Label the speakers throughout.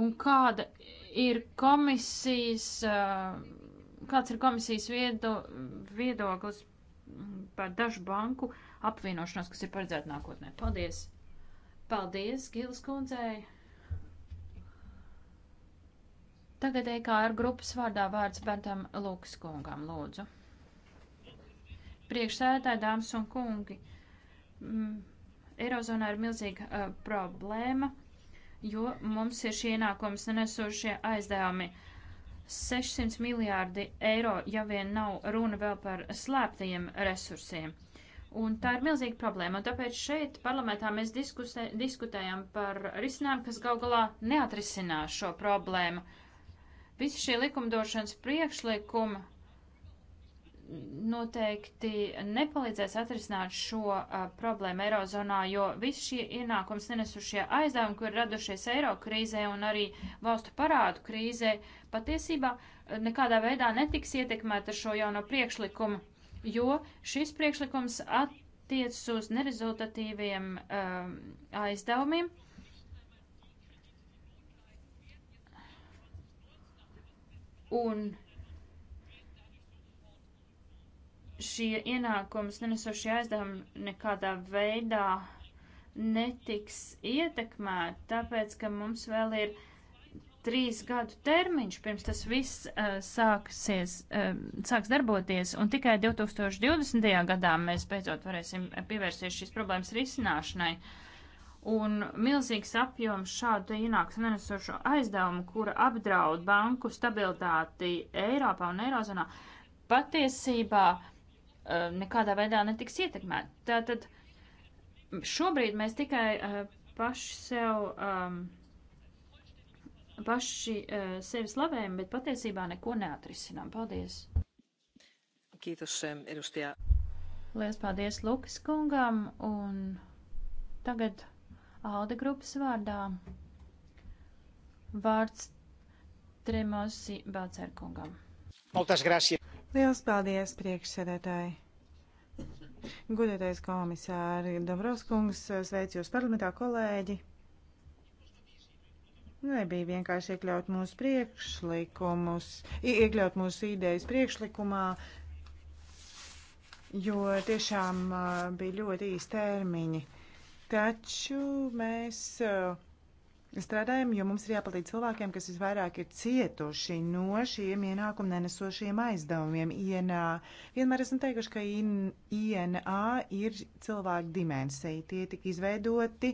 Speaker 1: un kāda ir komisijas, kāds ir komisijas viedo, viedoklis par dažu banku apvienošanos, kas ir paredzēta nākotnē. Paldies! Paldies, Gilas kundzei! Tagad EKR grupas vārdā vārds Bentam Lūks kungam, lūdzu. Priekšsēdētāji, dāmas un kungi, mm, Eirozonā ir milzīga uh, problēma jo mums ir šie ienākums nenesošie aizdevumi. 600 miljārdi eiro, ja vien nav runa vēl par slēptajiem resursiem. Un tā ir milzīga problēma, un tāpēc šeit parlamentā mēs diskusē, diskutējam par risinājumu, kas gal galā neatrisinās šo problēmu. Visi šie likumdošanas priekšlikumi noteikti nepalīdzēs atrisināt šo uh, problēmu Eirozonā, jo visi šie ienākums nenesušie aizdevumi, kur radušies eiro krīzē un arī valstu parādu krīzē, patiesībā nekādā veidā netiks ietekmēta ar šo jauno priekšlikumu, jo šis priekšlikums attiecas uz nerezultatīviem um, aizdevumiem. Un šie ienākums nenesošie aizdevumi nekādā veidā netiks ietekmēti, tāpēc, ka mums vēl ir trīs gadu termiņš, pirms tas viss uh, sāksies, uh, sāks darboties, un tikai 2020. gadā mēs beidzot varēsim pievērsties šīs problēmas risināšanai. Un milzīgs apjoms šādu ienāks nenesošo aizdevumu, kura apdraud banku stabilitāti Eiropā un Eirozonā, patiesībā uh, Eh, nekādā veidā netiks ietekmēti. Tātad šobrīd mēs tikai eh, paši sev, ehm, paši eh, sevi slavējam, bet patiesībā neko neatrisinām. Paldies!
Speaker 2: Kītus, edustajā.
Speaker 1: Lielas paldies Lukas kungam un tagad Alde grupas vārdā vārds Tremosi Bācerkungam.
Speaker 3: Moltes gràcies. Liels paldies, priekšsēdētāji! Gudētais komisāri Dombrovskungs, sveicu jūs parlamentā, kolēģi! Nebija vienkārši iekļaut mūsu priekšlikumus, iekļaut mūsu idejas priekšlikumā, jo tiešām bija ļoti īsti termiņi. Taču mēs uh, strādājam, jo mums ir jāpalīdz cilvēkiem, kas visvairāk ir cietuši no šiem ienākumu nenesošiem aizdevumiem. INA. Vienmēr esmu teikuši, ka INA ir cilvēku dimensija. Tie tika izveidoti,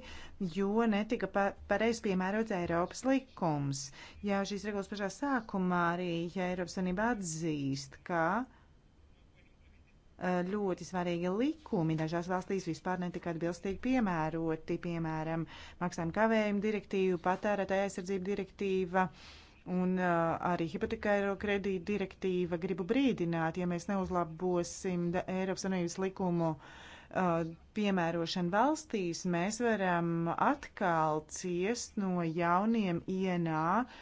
Speaker 3: jo netika pa pareizi piemērots Eiropas likums. Jā, šīs regulas pašā sākumā arī Eiropas Sanība atzīst, ka ļoti svarīgi likumi. Dažās valstīs vispār netika atbilstīgi piemēroti, piemēram, maksājuma kavējuma direktīva, patērētāja aizsardzība direktīva. Un uh, arī hipotekāro kredītu direktīva gribu brīdināt, ja mēs neuzlabosim Eiropas Savienības likumu uh, piemērošanu valstīs, mēs varam atkal ciest no jauniem ienā uh,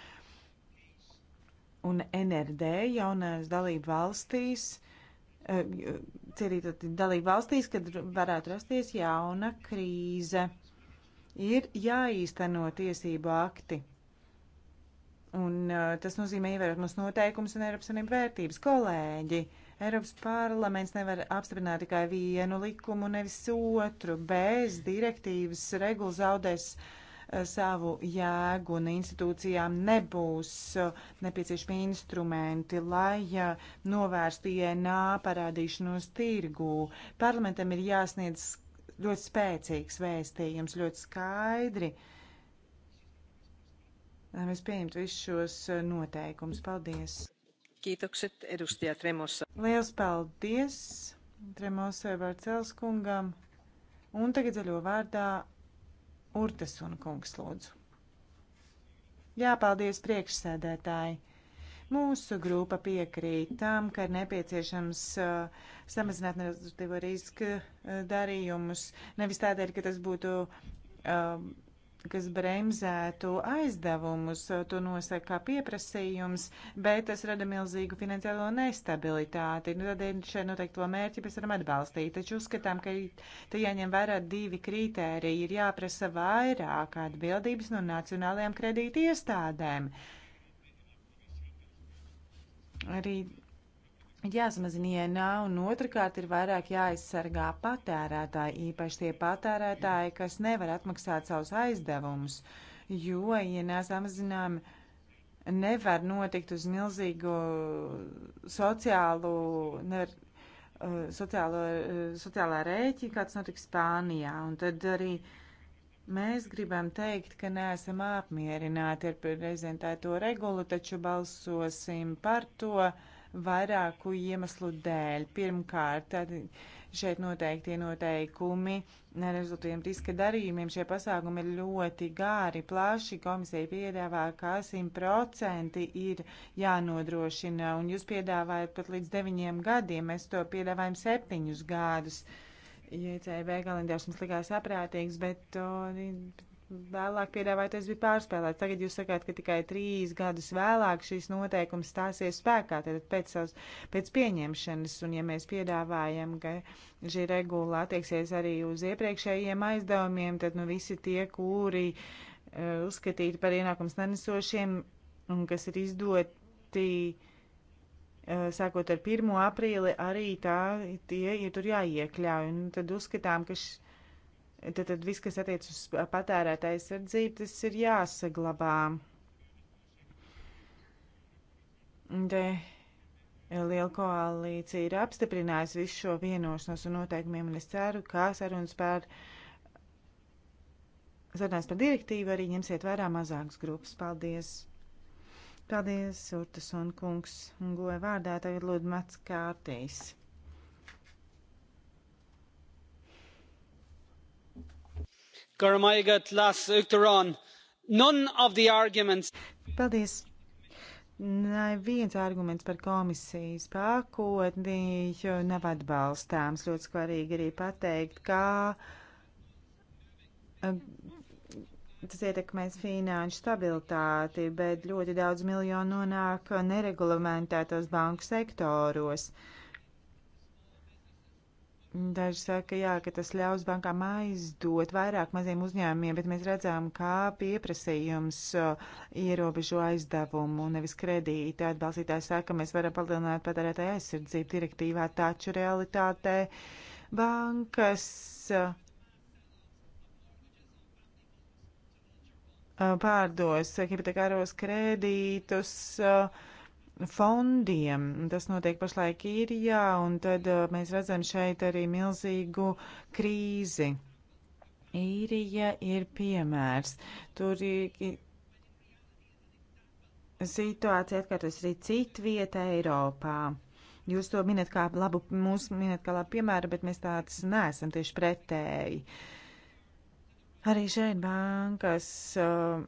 Speaker 3: un NRD jaunās dalību valstīs cerītot dalību valstīs, kad varētu rasties jauna krīze. Ir jāīsteno tiesību akti. Un uh, tas nozīmē ievērot mūsu noteikumus un Eiropas Savienības vērtības. Kolēģi, Eiropas parlaments nevar apstiprināt tikai vienu likumu, nevis otru. Bez direktīvas regula zaudēs uh, Eh, savu jēgu un institūcijām nebūs eh, nepieciešami instrumenti, lai eh, novērstu INA parādīšanos tirgū. Parlamentam ir jāsniedz ļoti spēcīgs vēstījums, ļoti skaidri. Lai mēs pieņemtu visus šos noteikumus. Paldies! Kiitokset edustaja Tremossa. Liels paldies Tremosai Barcelskungam. Un tagad zaļo vārdā Urtas un kungs lūdzu. Jā, paldies priekšsēdētāji. Mūsu grupa piekrīt tam, ka ir nepieciešams uh, samazināt nerezultīvo risku uh, darījumus. Nevis tādēļ, ka tas būtu uh, kas bremzētu aizdevumus. To nosaka kā pieprasījums, bet tas rada milzīgu finansiālo nestabilitāti. Nu, tādēļ šeit noteikti to mērķi mēs varam atbalstīt. Taču uzskatām, ka te jāņem vērā divi kriteriji. Ir jāprasa vairāk atbildības no nacionālajām kredīti iestādēm. Arī jāsamazina ienā, un otrkārt ir vairāk jāaizsargā patērētāji, īpaši tie patērētāji, kas nevar atmaksāt savus aizdevumus, jo ienā samazinām nevar notikt uz milzīgu sociālu, nevar, uh, sociālo, uh, sociālā rēķina, kāds notika Spānijā, un tad arī mēs gribam teikt, ka neesam apmierināti ar prezentēto regulu, taču balsosim par to, uh, vairāku iemeslu dēļ. Pirmkārt, šeit noteiktie noteikumi nerezultiem riska darījumiem. Šie pasākumi ir ļoti gāri, plaši. Komisija piedāvā, ka 100% ir jānodrošina, un jūs piedāvājat pat līdz deviņiem gadiem. Mēs to piedāvājam septiņus gadus. ICB kalendārs mums likās saprātīgs, bet to Vēlāk piedāvātais bija pārspēlēts. Tagad jūs sakāt, ka tikai trīs gadus vēlāk šīs noteikums stāsies spēkā, tad pēc, savas, pēc pieņemšanas, un ja mēs piedāvājam, ka šī regula attieksies arī uz iepriekšējiem aizdevumiem, tad nu visi tie, kuri uh, uzskatīti par ienākums nenesošiem, un kas ir izdoti uh, sākot ar 1. aprīli, arī tā tie ir tur jāiekļauj. Un tad uzskatām, ka šis Tad, tad viss, kas attiec uz patērētāju sardzību, tas ir jāsaglabā. De, Liela koalīcija ir apstiprinājusi visu šo vienošanos un noteikumiem, un es ceru, ka sarunas par sarunās par direktīvu arī ņemsiet vērā mazākas grupas. Paldies! Paldies, Urtas un kungs, un goja vārdā tagad lūdzu Mats Kārtīs. Paldies! Neviens arguments par komisijas pakotni nav atbalstāms. Ļoti svarīgi arī pateikt, kā eh, tas ietekmēs finanšu stabilitāti, bet ļoti daudz miljonu nonāk nereglamentētos banku sektoros. Uh, Daži saka, jā, ka tas ļaus bankām aizdot vairāk maziem uzņēmumiem, bet mēs redzam, kā pieprasījums ierobežo aizdevumu, nevis kredīti. Atbalstītāji saka, mēs varam palielināt patērētāju aizsardzību direktīvā, taču realitātē bankas pārdos hipotekāros kredītus. Uh, fondiem. Tas notiek pašlaik īrijā, un tad uh, mēs redzam šeit arī milzīgu krīzi. Īrija ir piemērs. Tur situācija atkārtos arī citu vietu Eiropā. Jūs to minat kā labu, mūsu minat kā labu piemēru, bet mēs tāds neesam tieši pretēji. Arī šeit bankas uh,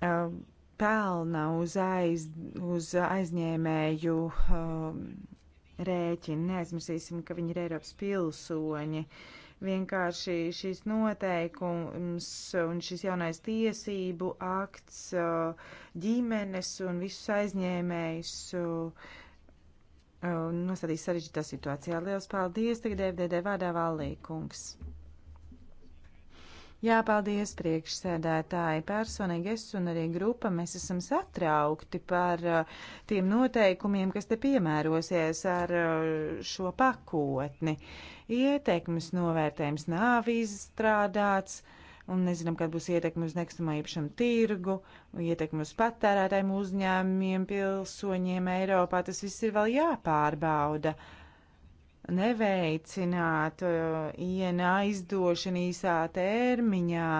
Speaker 3: uh, pelna uz, aiz, uz aizņēmēju um, rēķinu. Neaizmirsīsim, ka viņi ir Eiropas pilsoņi. Vienkārši šis noteikums un šis jaunais tiesību akts uh, ģimenes un visus aizņēmējus uh, uh, nosadīs sarežģītā situācijā. Lielas paldies! Tagad DVD vārdā Vallīkungs. Jā, paldies priekšsēdētāji. Personīgi es un arī grupa mēs esam satraukti par uh, tiem noteikumiem, kas te piemērosies ar uh, šo pakotni. Ietekmes novērtējums nav izstrādāts. Un nezinām, kad būs ietekme uz nekustamā īpašuma tirgu, ietekme uz patērētājiem, uzņēmumiem, pilsoņiem Eiropā. Tas viss ir vēl jāpārbauda. Uh, neveicināt uh, INA izdošanu īsā termiņā.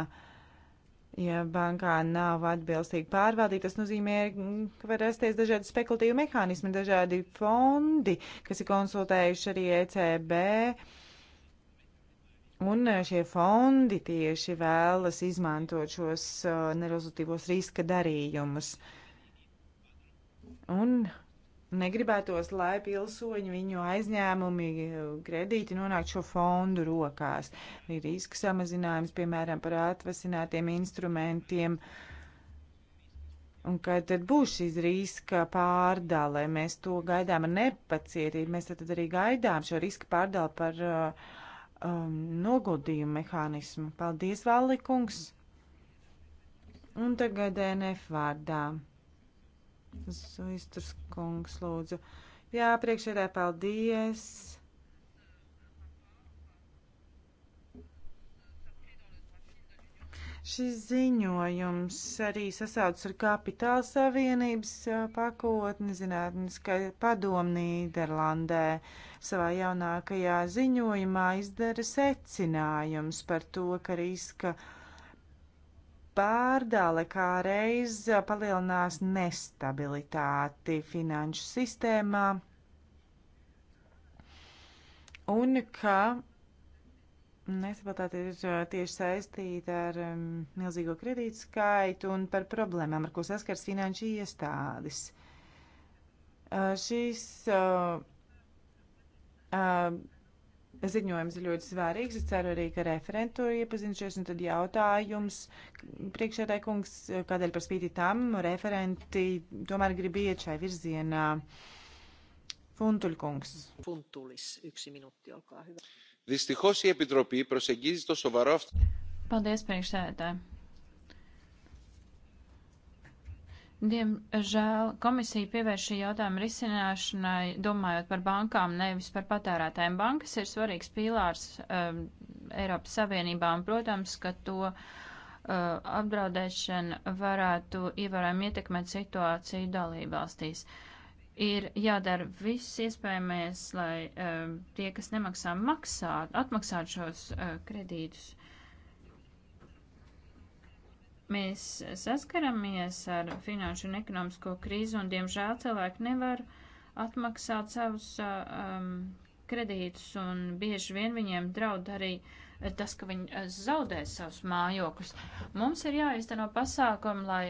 Speaker 3: Ja bankā nav atbilstīgi pārvaldīta, tas nozīmē, mm, ka var rasties dažādi spekulatīvi mehānismi, dažādi fondi, kas ir konsultējuši arī ECB. Un uh, šie fondi tieši vēlas izmantot šos uh, nerezultīvos riska darījumus. Un Negribētos, lai pilsoņi, viņu aizņēmumi, kredīti nonāktu šo fondu rokās. Ir riska samazinājums, piemēram, par atvasinātiem instrumentiem. Un kad tad būs šīs riska pārdale, mēs to gaidām ar nepacietību, mēs tad arī gaidām šo riska pārdali par uh, um, noguldījumu mehānismu. Paldies, Vallikungs! Un tagad NF vārdā. Zvaigznes kungs, lūdzu. Jā, priekšēdē, paldies! Šis ziņojums arī sasaucas ar Kapitāla Savienības pakotni zinātniskai padomu Nīderlandē. Savā jaunākajā ziņojumā izdara secinājums par to, ka riska uh, pārdale kā reiz palielinās nestabilitāti finanšu sistēmā un ka Nestabilitāte ir uh, tieši saistīta ar um, milzīgo kredītu skaitu un par problēmām, ar ko saskars finanšu iestādes. Uh, šīs uh, uh, ziņojums ir ļoti svarīgs. Es ceru arī, ka referenti to iepazinušies. Un tad jautājums priekšētāji kungs, kādēļ par spīti tam referenti tomēr grib iet šai virzienā. Funtuļkungs.
Speaker 1: Funtulis, yksi minūti, olkaa hyvä. Δυστυχώς η Επιτροπή προσεγγίζει το σοβαρό αυτό. Paldies, priekšsēdētāji. Diemžēl komisija pievērš šī jautājuma risināšanai, domājot par bankām, nevis par patērētājiem. Bankas ir svarīgs pīlārs um, Eiropas Savienībā, un, protams, ka to uh, apdraudēšana varētu ievērojami ietekmēt situāciju dalībvalstīs. Ir jādara viss iespējamais, lai um, tie, kas nemaksā, maksā, atmaksātu šos uh, kredītus. Mēs saskaramies ar finanšu un ekonomisko krīzi, un diemžēl cilvēki nevar atmaksāt savus um, kredītus, un bieži vien viņiem draud arī tas, ka viņi zaudēs savus mājokļus. Mums ir jāizteno pasākumi, lai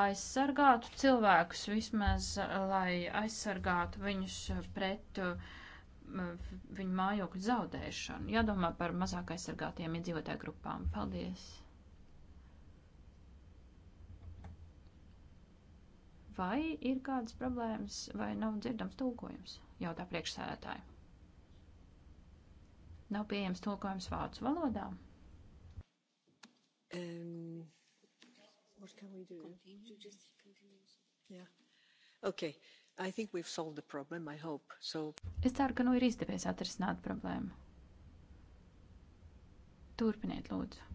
Speaker 1: aizsargātu cilvēkus, vismaz lai aizsargātu viņus pret viņu mājokļu zaudēšanu. Jādomā par mazāk aizsargātiem iedzīvotāju grupām. Paldies! Vai ir kādas problēmas, vai nav dzirdams tulkojums? Jautā priekšsēdētāji. Nav pieejams tulkojums vācu valodā. Um,
Speaker 2: what can we do? Continue, just continue.
Speaker 1: Yeah. Okay. I think we've solved the
Speaker 2: problem, I hope. So...
Speaker 1: Es ceru, ka nu ir izdevies atrisināt problēmu. Turpiniet, lūdzu.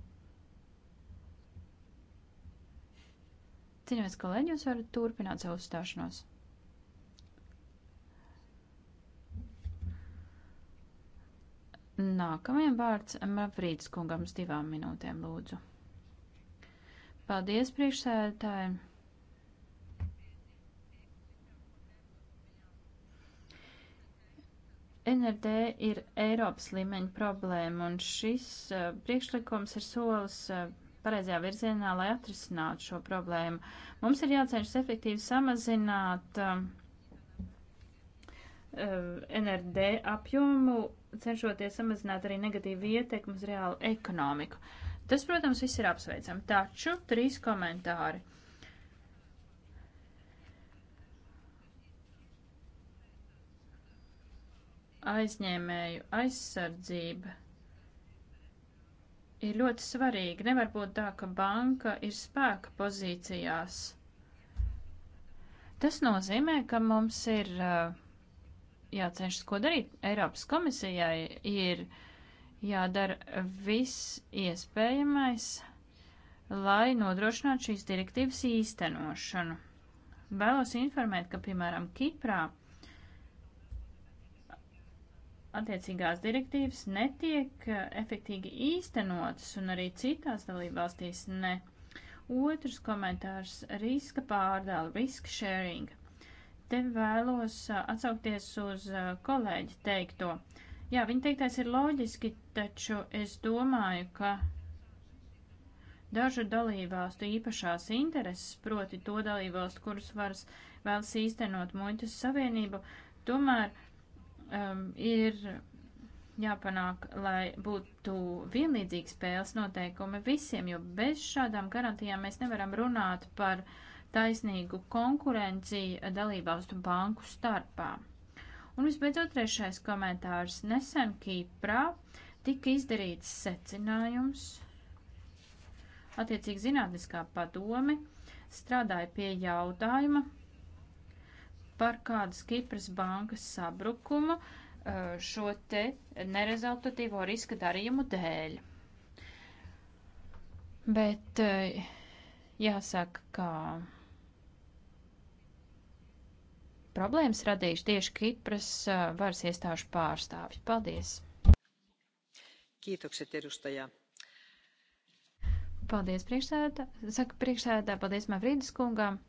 Speaker 1: Cienījamies kolēģi, jūs varat turpināt savu uzstāšanos. Nākamajam vārds Mafrīdas kungam uz divām minūtēm lūdzu. Paldies priekšsēdētājiem! NRD ir Eiropas līmeņa problēma, un šis uh, priekšlikums ir solis uh, pareizajā virzienā, lai atrisinātu šo problēmu. Mums ir jācenšas efektīvi samazināt um, uh, NRD apjomu, cenšoties samazināt arī negatīvu ietekmu uz reālu ekonomiku. Tas, protams, viss ir apsveicam, taču trīs komentāri. Aizņēmēju aizsardzība ir ļoti svarīgi. Nevar būt tā, ka banka ir spēka pozīcijās. Tas nozīmē, ka mums ir uh, jācenšas, ko darīt. Eiropas komisijai ir jādara viss iespējamais, lai nodrošinātu šīs direktīvas īstenošanu. Vēlos informēt, ka, piemēram, Kiprā attiecīgās direktīvas netiek eh, efektīgi īstenotas un arī citās dalībvalstīs ne. Otrs komentārs - riska pārdala, risk sharing. Te vēlos eh, atsaukties uz eh, kolēģi teikto. Jā, viņa teiktais ir loģiski, taču es domāju, ka dažu dalībvalstu īpašās intereses, proti to dalībvalstu, kuras varas vēlas īstenot muitas savienību, tomēr uh, um, ir jāpanāk, lai būtu vienlīdzīgi spēles noteikumi visiem, jo bez šādām garantijām mēs nevaram runāt par taisnīgu konkurenciju dalībvalstu banku starpā. Un visbeidzot, trešais komentārs. Nesen Kīprā tika izdarīts secinājums, attiecīgi zinātniskā padome strādāja pie jautājuma, par kādas Kipras bankas sabrukumu eh, šo te nerezultatīvo riska darījumu dēļ. Bet eh, jāsaka, ka problēmas radījuši tieši Kipras eh, varas iestāžu pārstāvji. Paldies!
Speaker 2: Kiitokset edustaja.
Speaker 1: Paldies priekšsēdētā. Saka priekšsēdētā, paldies Mavrīdis kungam.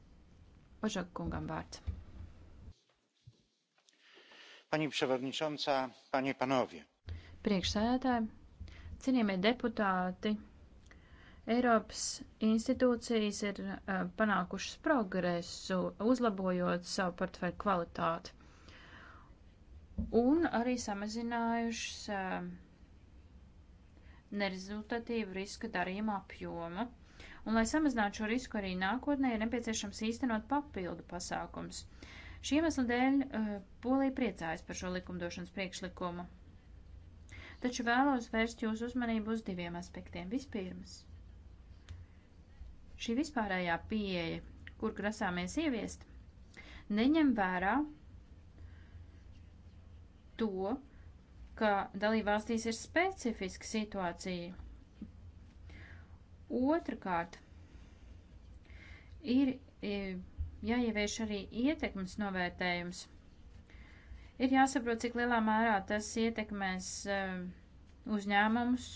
Speaker 1: Ožok kungam vārds
Speaker 3: pani przewodnicząca, panie panovie.
Speaker 1: Priekšsēdētāji, cienījamie deputāti, Eiropas institūcijas ir uh, panākušas progresu, uzlabojot savu portfeļu kvalitāti un arī samazinājušas uh, nerezultatīvu riska darījuma apjomu. Un, lai samazinātu šo risku arī nākotnē, ir nepieciešams īstenot papildu pasākums. Uh, Šī iemesla dēļ eh, Polija priecājas par šo likumdošanas priekšlikumu. Taču vēlos vērst jūsu uzmanību uz diviem aspektiem. Vispirms, šī vispārējā pieeja, kur grasāmies ieviest, neņem vērā to, ka dalībvalstīs ir specifiska situācija. Otrakārt, ir, ir eh, jāievieš arī ietekmes novērtējums. Ir jāsaprot, cik lielā mērā tas ietekmēs eh, uzņēmumus,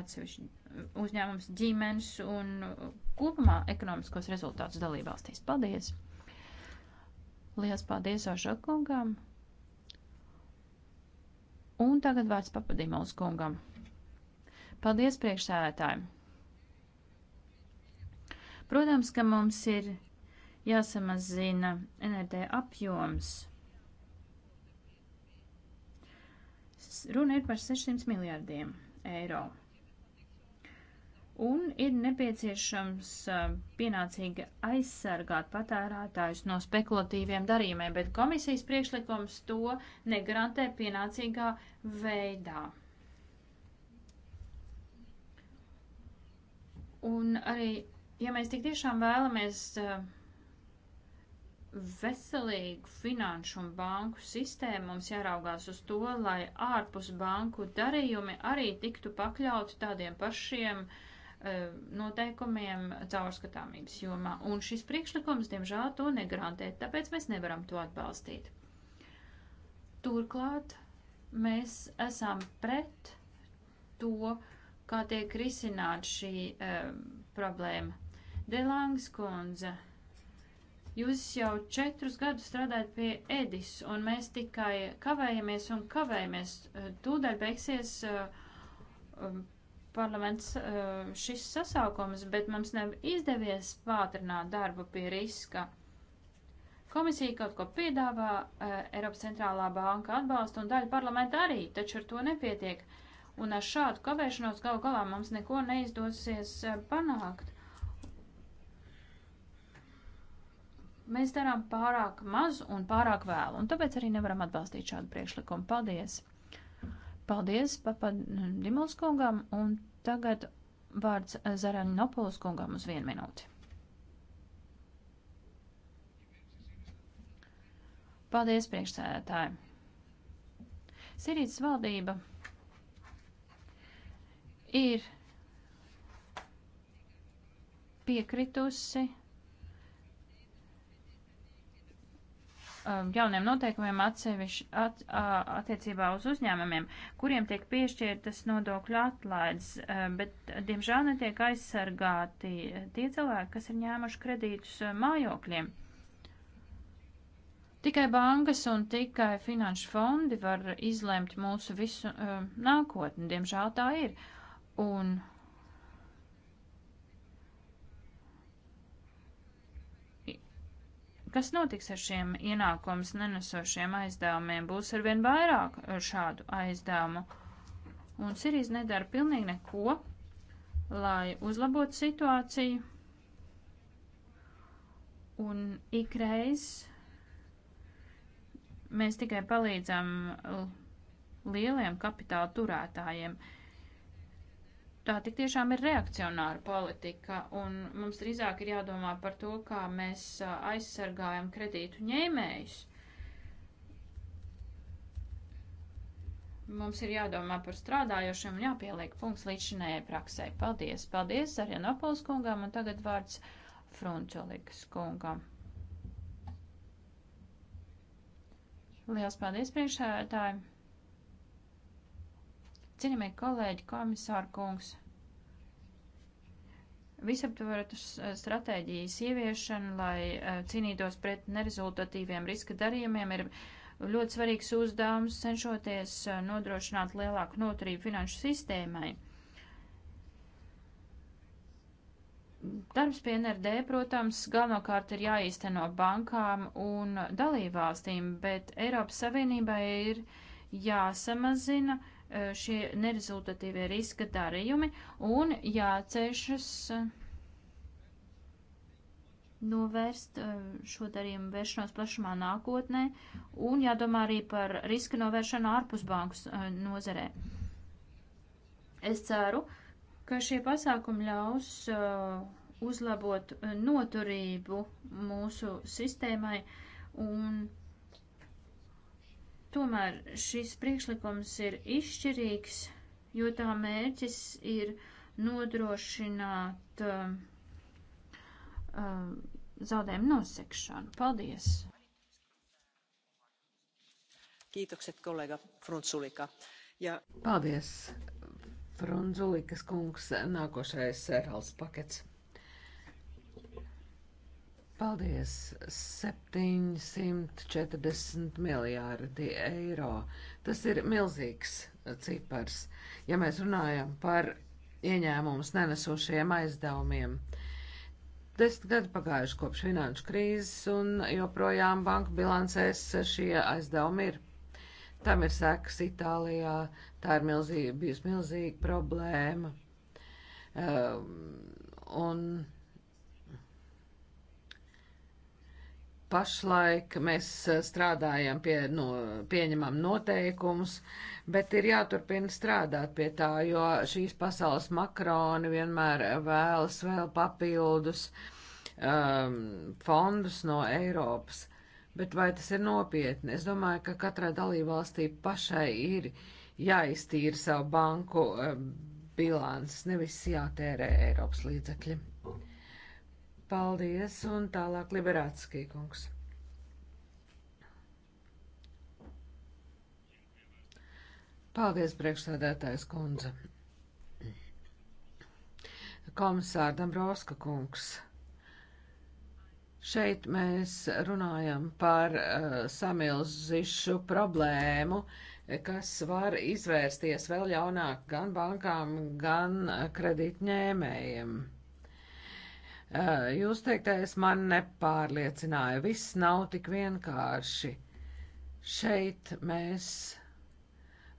Speaker 1: atsevišķi eh, uzņēmums ģimenes un eh, kopumā ekonomiskos rezultātus dalībvalstīs. Paldies! Lielas paldies Ožakungam! Un tagad vārds papadīmā uz kungam. Paldies priekšsēdētājiem! Protams, ka mums ir jāsamazina NRD apjoms. Runa ir par 600 miljārdiem eiro. Un ir nepieciešams pienācīgi aizsargāt patērētājus no spekulatīviem darījumiem, bet komisijas priekšlikums to negarantē pienācīgā veidā. Un arī, ja mēs tik tiešām vēlamies uh, veselīgu finanšu un banku sistēmu mums jāraugās uz to, lai ārpus banku darījumi arī tiktu pakļauti tādiem pašiem uh, noteikumiem caurskatāmības jomā. Un šis priekšlikums, diemžēl, to negarantē, tāpēc mēs nevaram to atbalstīt. Turklāt mēs esam pret to, kā tiek risināta šī uh, problēma. Delangs kundze Jūs jau četrus gadus strādājat pie Edis, un mēs tikai kavējamies un kavējamies. Eh, tūdaļ beigsies uh, parlaments uh, šis sasaukums, bet mums nav izdevies pātrināt darbu pie riska. Komisija kaut ko piedāvā, uh, Eiropas centrālā banka atbalsta un daļa parlamenta arī, taču ar to nepietiek. Un ar šādu kavēšanos gal galā mums neko neizdosies panākt. mēs darām pārāk maz un pārāk vēlu, un tāpēc arī nevaram atbalstīt šādu priekšlikumu. Paldies! Paldies papad Dimuls kungam, un tagad vārds Zaraņinopulas kungam uz vienu minūti. Paldies, priekšsēdētāji! Sirītas valdība ir piekritusi Um, jauniem noteikumiem atsevišķi at, attiecībā uz uzņēmumiem, kuriem tiek piešķirtas nodokļu atlaides, um, bet diemžēl netiek aizsargāti tie cilvēki, kas ir ņēmuši kredītus um, mājokļiem. Tikai bankas un tikai finanšu fondi var izlemt mūsu visu nākotni, diemžēl tā ir. Un Kas notiks ar šiem ienākums nenesošiem aizdevumiem? Būs arvien vairāk šādu aizdevumu. Un Sirijas nedara pilnīgi neko, lai uzlabotu situāciju. Un ikreiz mēs tikai palīdzam lieliem kapitāla turētājiem. Uh, Tā tik tiešām ir reakcionāra politika, un mums drīzāk ir jādomā par to, kā mēs aizsargājam kredītu ņēmējus. Mums ir jādomā par strādājošiem un jāpieliek punkts līdz šinējai praksē. Paldies! Paldies Arjanopols kungam un tagad vārds Frunčelikas kungam. Liels paldies priekšsēdētājiem! Cienījamie kolēģi, komisāra kungs, visaptvarotas eh, stratēģijas ieviešana, lai eh, cīnītos pret nerezultatīviem riska darījumiem, ir ļoti svarīgs uzdevums, cenšoties eh, nodrošināt lielāku noturību finanšu sistēmai. Darbs pie NRD, protams, galvenokārt ir jāīsteno bankām un dalībvalstīm, bet Eiropas Savienībai ir jāsamazina uh, E, šie nerezultatīvie riska darījumi un jācenšas e, novērst e, šo darījumu vēršanos plašumā nākotnē un jādomā arī par riska novēršanu ārpus bankas nozarē. Es ceru, ka šie pasākumi ļaus uzlabot noturību mūsu sistēmai un Tomēr šis priekšlikums ir izšķirīgs, jo tā mērķis ir nodrošināt uh, uh, zaudējumu nosekšanu. Paldies!
Speaker 3: Kiitokset kollega Frunzulika. Ja...
Speaker 1: Paldies, Frunzulikas
Speaker 2: kungs. Nākošais Rāls pakets. Paldies! 740 miljārdi eiro. Tas ir milzīgs cipars, ja mēs runājam par ieņēmumus nenesošiem aizdevumiem. Desmit gadi pagājuši kopš finanšu krīzes, un joprojām banku bilancēs šie aizdevumi ir. Tam ir sekas Itālijā, tā ir milzī, bijusi milzīga problēma. Um, un Pašlaik mēs eh, strādājam pie, nu, pieņemam noteikumus, bet ir jāturpina strādāt pie tā, jo šīs pasaules makroni vienmēr vēlas vēl papildus um, fondus no Eiropas. Bet vai tas ir nopietni? Es domāju, ka katrai dalībvalstī pašai ir jāiztīra savu banku ehm, bilances, nevis jātērē Eiropas līdzekļi. Paldies, un tālāk Liberātskī kungs. Paldies, priekšsādātājs kundze. Komisārdam Roska kungs. Šeit mēs runājam par uh, samilzišu problēmu, kas var izvērsties vēl jaunāk gan bankām, gan kredītņēmējiem. Uh, Eh, jūs teiktais man nepārliecināja. Viss nav tik vienkārši. Šeit mēs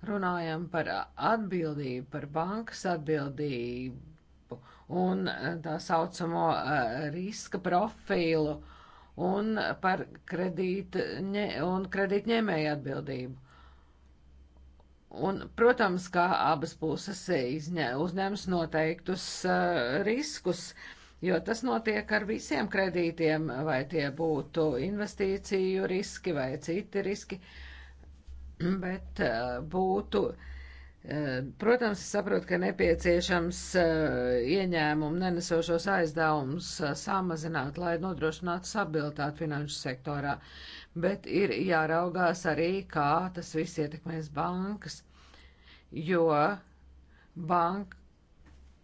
Speaker 2: runājam par atbildību, par bankas atbildību un eh, tā saucamo eh, riska profilu un par kredītņē, un kredītņēmēju atbildību. Un, protams, kā abas puses izņē, uzņems noteiktus uh, riskus. Uh, jo tas notiek ar visiem kredītiem, vai tie būtu investīciju riski vai citi riski, bet eh, būtu. Eh, protams, es saprotu, ka nepieciešams eh, ieņēmumu nenesošos aizdevumus samazināt, lai nodrošinātu stabilitāti finanšu sektorā, bet ir jāraugās arī, kā tas viss ietekmēs bankas, jo bank,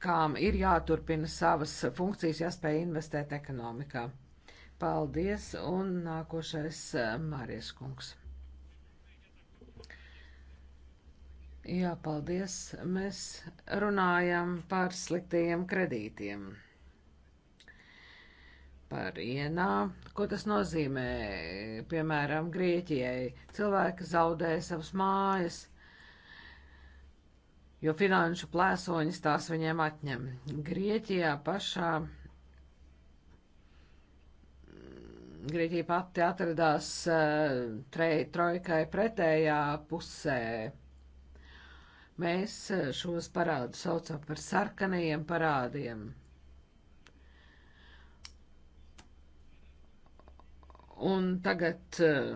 Speaker 2: bankām ir jāturpina savas funkcijas, jāspēj investēt ekonomikā. Paldies, un nākošais eh, Mārijas kungs. Jā, paldies. Mēs runājam par sliktajiem kredītiem. Par ienā, ko tas nozīmē, piemēram, Grieķijai. Cilvēki zaudēja savas mājas jo finanšu plēsoņas tās viņiem atņem. Grieķijā pašā Grieķija pati atradās eh, tre, trojkai pretējā pusē. Mēs eh, šos parādus saucam par sarkanajiem parādiem. Un tagad uh,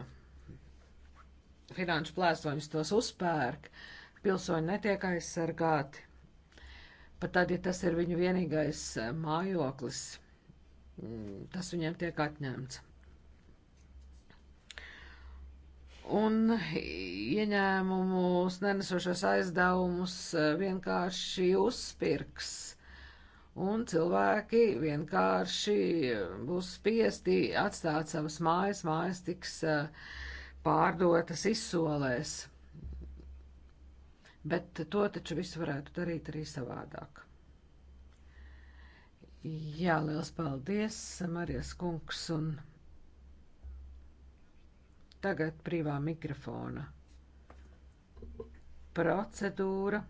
Speaker 2: finanšu plēsoņus tos uzpērk. Uh, pilsoņi netiek aizsargāti. Pat tad, ja tas ir viņu vienīgais eh, mājoklis, mm, tas viņiem tiek atņemts. Un ieņēmumus nenesošos aizdevumus eh, vienkārši uzpirks un cilvēki vienkārši eh, būs spiesti atstāt savas mājas, mājas tiks pārdotas izsolēs bet to taču visu varētu darīt arī savādāk. Jā, liels paldies, Marijas kungs, un tagad privā mikrofona procedūra.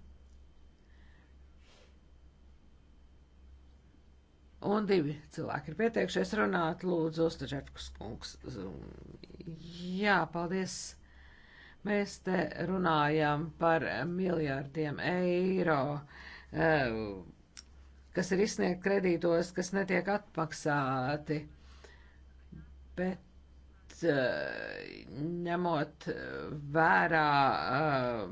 Speaker 2: Un divi cilvēki ir pieteikušies runāt, lūdzu, Ostaževskas kungs. Jā, paldies Mēs te runājam par miljārdiem eiro, eh, kas ir izsniegt kredītos, kas netiek atmaksāti. Bet eh, ņemot vērā eh,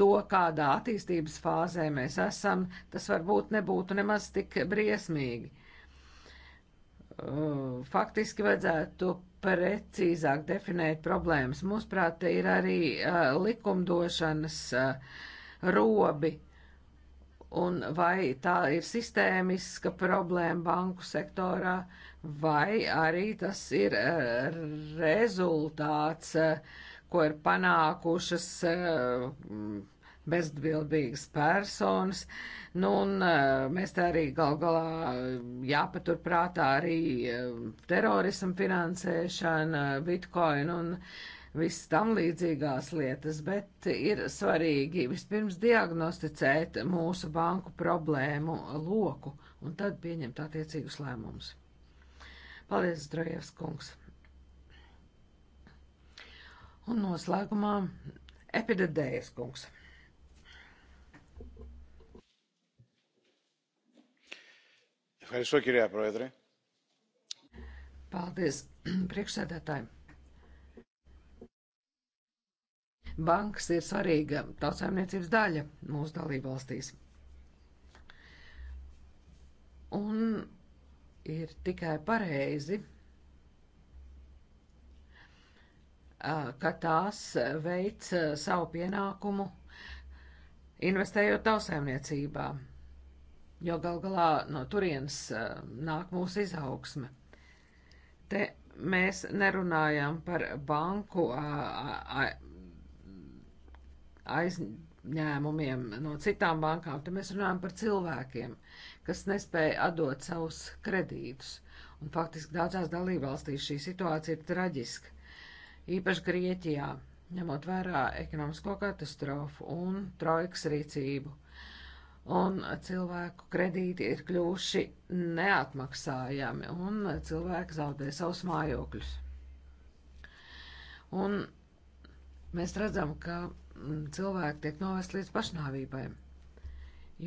Speaker 2: to, kādā attīstības fāzē mēs esam, tas varbūt nebūtu nemaz tik briesmīgi. Faktiski vajadzētu precīzāk definēt problēmas. Mūsuprāt, te ir arī uh, likumdošanas uh, robi, un vai tā ir sistēmiska problēma banku sektorā, vai arī tas ir uh, rezultāts, uh, ko ir panākušas. Uh, bezatbildīgas personas. Nu, un eh, mēs tā arī gal galā eh, jāpaturprātā arī eh, terorismu finansēšana, bitcoin un viss tam līdzīgās lietas, bet ir svarīgi vispirms diagnosticēt mūsu banku problēmu loku un tad pieņemt attiecīgus lēmumus. Paldies, Drojevs kungs! Un noslēgumā epidēdējas kungs.
Speaker 1: Ευχαριστώ, κυρία Πρόεδρε.
Speaker 2: Paldies, priekšsēdētāji. Bankas ir svarīga tautsājumniecības daļa mūsu dalību valstīs. Un ir tikai pareizi, ka tās veic savu pienākumu investējot tautsājumniecībā jo gal galā no turienes eh, nāk mūsu izaugsme. Te mēs nerunājam par banku aizņēmumiem no citām bankām, te mēs runājam par cilvēkiem, kas nespēja atdot savus kredītus. Un faktiski daudzās dalībvalstīs šī situācija ir traģiska, īpaši Grieķijā, ņemot vērā ekonomisko katastrofu un trojkas rīcību un cilvēku kredīti ir kļuvuši neatmaksājami, un cilvēki zaudē savus mājokļus. Un mēs redzam, ka cilvēki tiek novest līdz pašnāvībai,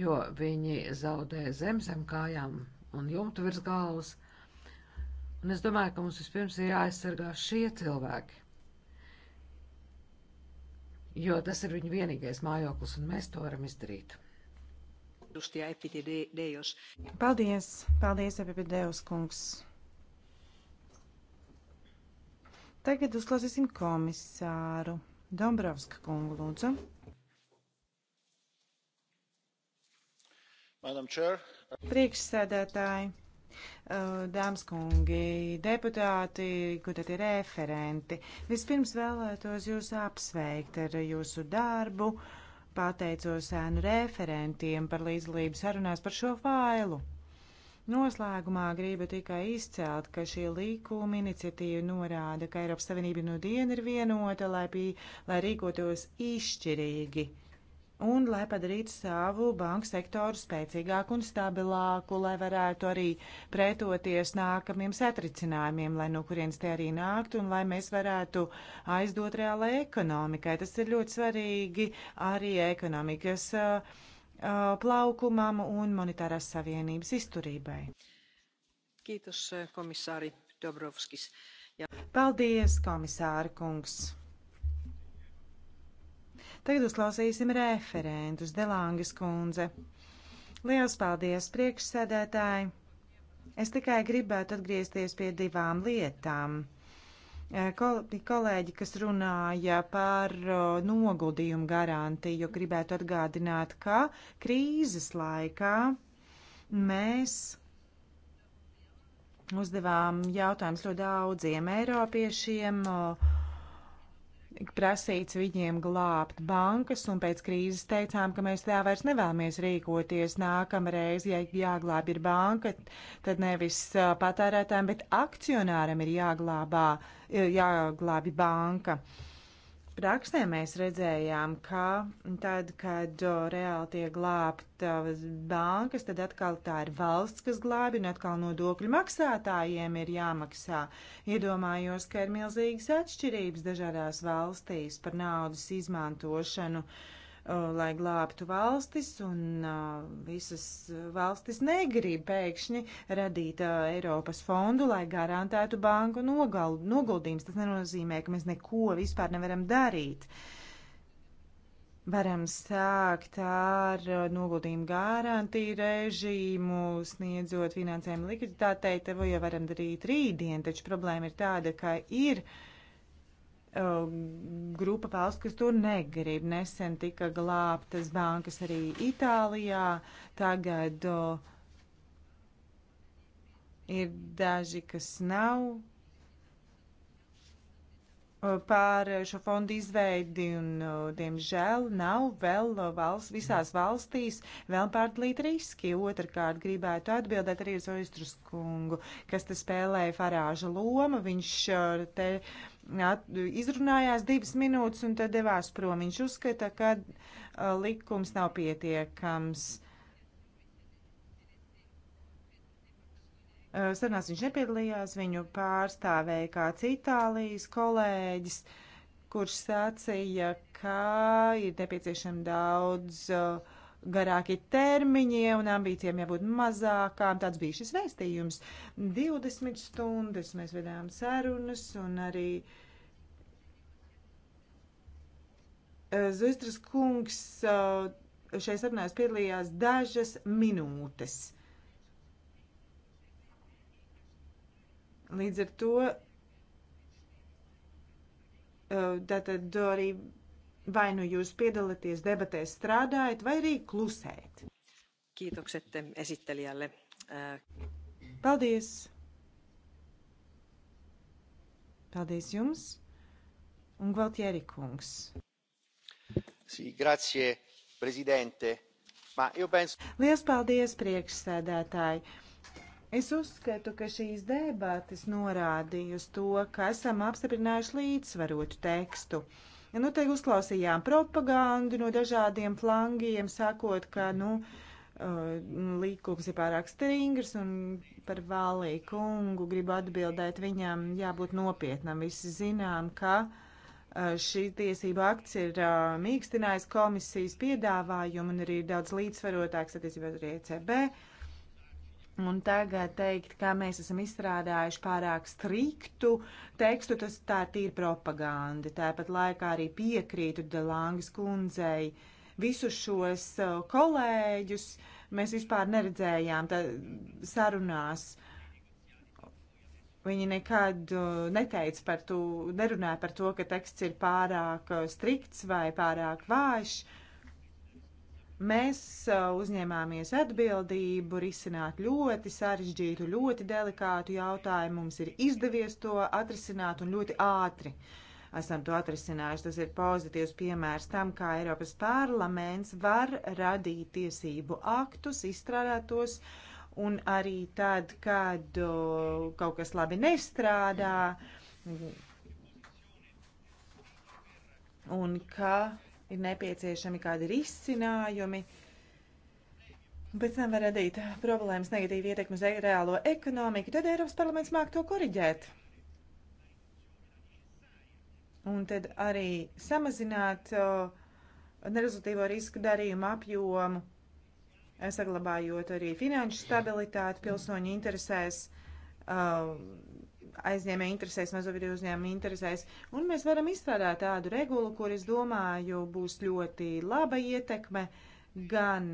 Speaker 2: jo viņi zaudē zem zem kājām un jumtu virs galvas. Un es domāju, ka mums vispirms ir jāaizsargā šie cilvēki, jo tas ir viņu vienīgais mājoklis, un mēs to varam izdarīt.
Speaker 3: Paldies, paldies, Epipidējus kungs. Tagad uzklausīsim komisāru Dombrovska kungu, lūdzu. Priekšsēdētāji, dāmas kungi, deputāti, gudati referenti, vispirms vēlētos jūs apsveikt ar jūsu darbu. Uh, Pateicos ēnu referentiem par līdzdalību sarunās par šo failu. Noslēgumā gribu tikai izcelt, ka šī līkuma iniciatīva norāda, ka Eiropas Savienība no diena ir vienota, lai, pie, lai rīkotos izšķirīgi un lai padarītu savu banku sektoru spēcīgāku un stabilāku, lai varētu arī pretoties nākamiem satricinājumiem, lai no kurienes tie arī nāktu un lai mēs varētu aizdot reālai ekonomikai. Tas ir ļoti svarīgi arī ekonomikas uh, plaukumam un monetārās savienības izturībai. Kītos, komisāri
Speaker 2: Dobrovskis. Jā.
Speaker 3: Paldies, komisāra kungs! Tagad uzklausīsim referentus Delāngas kundze. Liels paldies, priekšsēdētāji! Es tikai gribētu atgriezties pie divām lietām. Eh, kol kolēģi, kas runāja par eh, noguldījumu garantiju, gribētu atgādināt, ka krīzes laikā mēs uzdevām jautājumus ļoti daudziem eiropiešiem. Uh, prasīts viņiem glābt bankas, un pēc krīzes teicām, ka mēs tā vairs nevēlamies rīkoties. Nākamreiz, ja jāglāb ir banka, tad nevis patērētājiem, bet akcionāram ir jāglābā, jāglābi banka. Uh, praksē mēs redzējām, ka tad, kad reāli tiek glābta bankas, tad atkal tā ir valsts, kas glābi, un atkal nodokļu maksātājiem ir jāmaksā. Iedomājos, ka ir milzīgas atšķirības dažādās valstīs par naudas izmantošanu. Uh, Uh, lai glābtu valstis, un uh, visas valstis negrib pēkšņi radīt uh, Eiropas fondu, lai garantētu banku nogal, noguldījums. Tas nenozīmē, ka mēs neko vispār nevaram darīt. Varam sākt ar noguldījumu garantiju režīmu, sniedzot finansējumu likviditātei, te jau varam darīt rītdien, taču problēma ir tāda, ka ir uh, Um, grupa valsts, kas to negrib. Nesen tika glābtas bankas arī Itālijā, tagad o, ir daži, kas nav pār šo fondu izveidi un, diemžēl, nav vēl valsts, visās valstīs vēl pārdalīt riski. Otrakārt gribētu atbildēt arī uz Oistrus kungu, kas te spēlēja farāža lomu. Viņš te uh, at, izrunājās divas minūtes un tad devās prom. Viņš uzskata, ka uh, likums nav pietiekams. Uh, sarunās viņš nepiedalījās, viņu pārstāvēja kāds Itālijas kolēģis, kurš sacīja, ka ir nepieciešama daudz uh, garāki termiņi un ambīcijām jābūt mazākām. Tāds bija šis vēstījums. 20 stundas mēs vedām sarunas un arī eh, Zustras kungs eh, šai sarunās piedalījās dažas minūtes. Līdz ar to eh, tātad arī Vai nu jūs piedalāties debatēs, strādājat, vai arī klusējat? Kiitokset esittelijälle. Paldies! Paldies jums! Un Gvaltieri kungs. Sī, grazie, prezidente. Ma, jo penso... Liels paldies, priekšsēdētāji! Es uzskatu, ka šīs debātes norādīja uz to, ka esam apstiprinājuši līdzsvarotu tekstu. Uh, Ja nu te uzklausījām propagandu no dažādiem flangiem, sakot, ka, nu, uh, līkums ir pārāk stingrs un par Vāliju kungu gribu atbildēt, viņam jābūt nopietnam. Visi zinām, ka uh, šī tiesība akts ir uh, mīkstinājis komisijas piedāvājumu un arī daudz līdzsvarotāks attiecībā ar ECB Un tagad teikt, kā mēs esam izstrādājuši pārāk striktu tekstu, tas tā ir tīra propaganda. Tāpat laikā arī piekrītu Delāngas kundzei. Visus šos uh, kolēģus mēs vispār neredzējām tā, sarunās. Viņi nekad uh, neteica par to, nerunāja par to, ka teksts ir pārāk uh, strikts vai pārāk vājš. Uh, Mēs uzņēmāmies atbildību risināt ļoti sarežģītu, ļoti delikātu jautājumu. Mums ir izdevies to atrisināt un ļoti ātri esam to atrisinājuši. Tas ir pozitīvs piemērs tam, kā Eiropas parlaments var radīt tiesību aktus, izstrādāt tos, un arī tad, kad o, kaut kas labi nestrādā, un ka ir nepieciešami kādi risinājumi. Pēc tam var radīt problēmas negatīvi ietekmi uz reālo ekonomiku, tad Eiropas parlaments māk to koriģēt. Un tad arī samazināt nerezultīvo risku darījumu apjomu, saglabājot arī finanšu stabilitāti pilsoņu interesēs. Uh, aizņēmē interesēs, mazo video uzņēmumu interesēs, un mēs varam izstrādāt tādu regulu, kur es domāju būs ļoti laba ietekme gan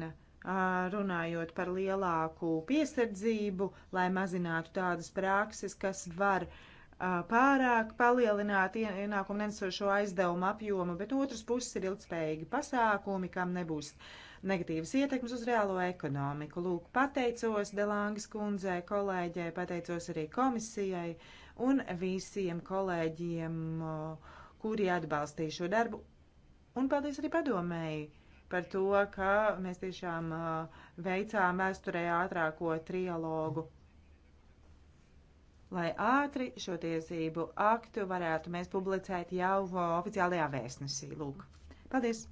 Speaker 3: runājot par lielāku piesardzību, lai mazinātu tādas prakses, kas var pārāk palielināt ienākumu nesošo aizdevumu apjomu, bet otrs puses ir ilgspējīgi pasākumi, kam nebūs uh, negatīvas ietekmes uz reālo ekonomiku. Lūk, pateicos Delāngas kundzei, kolēģei, pateicos arī komisijai un visiem kolēģiem, kuri atbalstīja šo darbu. Un paldies arī padomēji par to, ka mēs tiešām veicām vēsturē ātrāko trialogu lai ātri šo tiesību aktu varētu mēs publicēt jau oficiālajā vēstnesī. Lūk, paldies!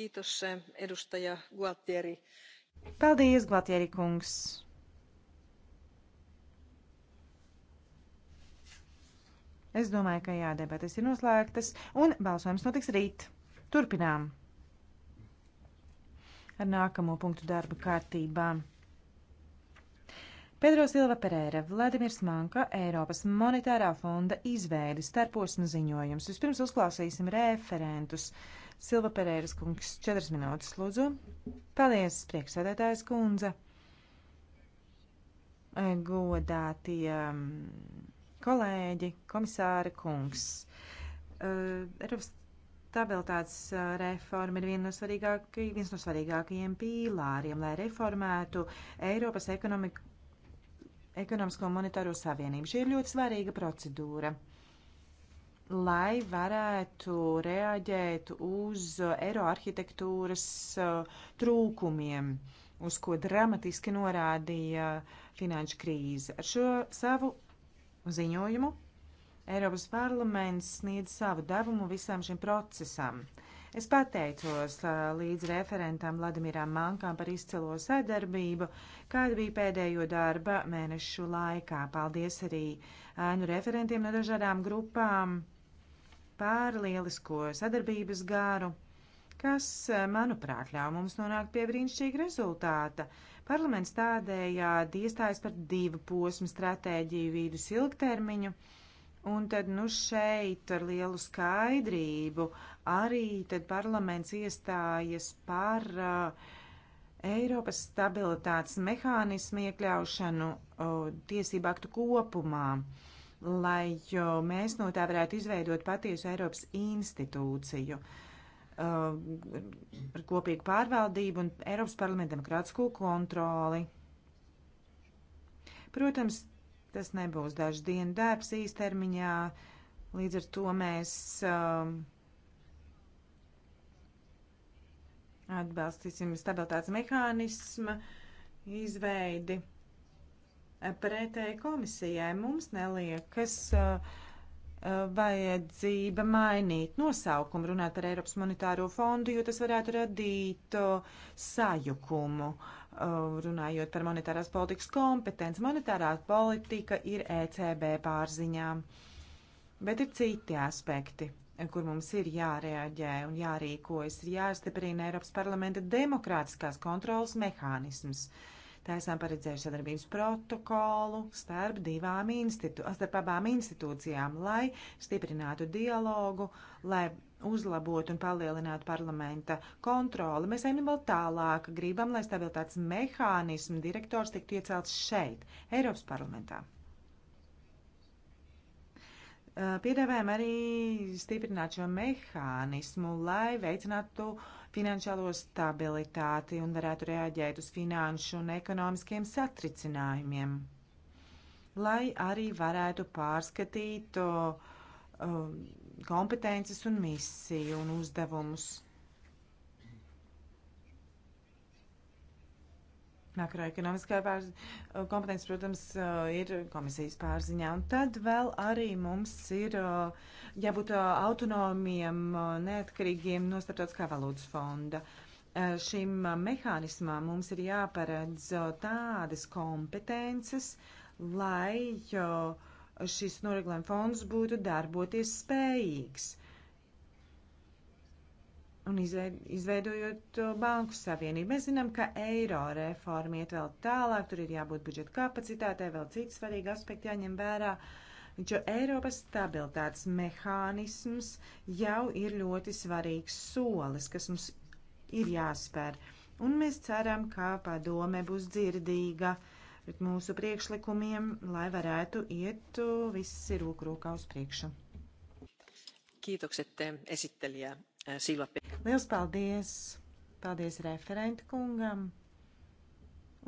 Speaker 2: Kītos, eh, edustaja Gualtieri.
Speaker 3: Paldies, Gualtieri kungs. Es domāju, ka jā, debates ir noslēgtas un balsojums notiks rīt. Turpinām ar nākamo punktu darba kārtībā. Pedro Silva Pereira, Vladimirs Manka, Eiropas monetārā fonda izveidi starposma ziņojums. Vispirms uzklausīsim referentus. Uh, Silva Pereiras kungs, 4 minūtes, lūdzu. Paldies, priekšsēdētājs kundze. Godātie um, kolēģi, komisāri kungs. Uh, Eiropas stabilitātes uh, reforma ir viena no viens no svarīgākajiem pīlāriem, lai reformētu Eiropas ekonomiku, ekonomisko monetāro savienību. Šī ir ļoti svarīga procedūra. Uh, lai varētu reaģēt uz eiro arhitektūras uh, trūkumiem, uz ko dramatiski norādīja finanšu krīze. Ar šo savu ziņojumu Eiropas parlaments sniedz savu devumu visam šim procesam. Es pateicos uh, līdz referentam Vladimiram Mankam par izcilo sadarbību, kāda bija pēdējo darba mēnešu laikā. Paldies arī ēnu referentiem no dažādām grupām par lielisko sadarbības gāru, kas, eh, manuprāt, ļauj mums nonākt pie brīnišķīga rezultāta. Parlaments tādējādi iestājas par divu posmu stratēģiju vīdus ilgtermiņu. Un tad nu šeit ar lielu skaidrību arī tad parlaments iestājas par uh, Eiropas stabilitātes mehānismu iekļaušanu uh, tiesību aktu kopumā. Uh, lai mēs no tā varētu izveidot patiesu Eiropas institūciju um, ar kopīgu pārvaldību un Eiropas parlamenta demokrātisko kontroli. Protams, tas nebūs dažu dienu darbs īstermiņā, līdz ar to mēs um, atbalstīsim stabilitātes mehānismu izveidi pretēji komisijai. Mums neliekas uh, uh, vajadzība mainīt nosaukumu, runāt par Eiropas monetāro fondu, jo tas varētu radīt uh, sajukumu. Uh, runājot par monetārās politikas kompetenci, monetārā politika ir ECB pārziņā, bet ir citi aspekti, kur mums ir jārēģē un jārīkojas, ir jāstiprina Eiropas parlamenta demokrātiskās kontrolas mehānisms. Uh, esam paredzējuši sadarbības protokolu starp, institū starp abām institūcijām, lai stiprinātu dialogu, lai uzlabotu un palielinātu parlamenta kontroli. Mēs ejam vēl tālāk, gribam, lai stabilitātes mehānismu direktors tiktu iecelts šeit, Eiropas parlamentā. Piedāvājam arī stiprināt šo mehānismu, lai veicinātu uh, finanšālo stabilitāti un varētu reaģēt uz finanšu un ekonomiskiem satricinājumiem, lai arī varētu pārskatīt uh, um, kompetences un misiju un uzdevumus. Makroekonomiskā eh, kompetence, protams, eh, ir komisijas pārziņā. Un tad vēl arī mums ir eh, jābūt autonomiem, neatkarīgiem no starptautiskā valūtas fonda. Šim mehānismam mums ir jāparedz tādas kompetences, lai šis noregulējuma fonds būtu darboties spējīgs un izveidojot uh, banku savienību. Mēs zinām, ka eiro reforma iet vēl tālāk, tur ir jābūt budžeta kapacitātei, vēl citi svarīgi aspekti jāņem vērā. Jo Eiropas stabilitātes mehānisms jau ir ļoti svarīgs solis, kas mums ir jāspēr. Un mēs ceram, ka padome būs dzirdīga pret mūsu priekšlikumiem, lai varētu iet uh, viss ir rūkrūkā uz priekšu.
Speaker 2: Kiitokset eh,
Speaker 3: esittelijää Eh, sīla. Liels paldies! Paldies referentu kungam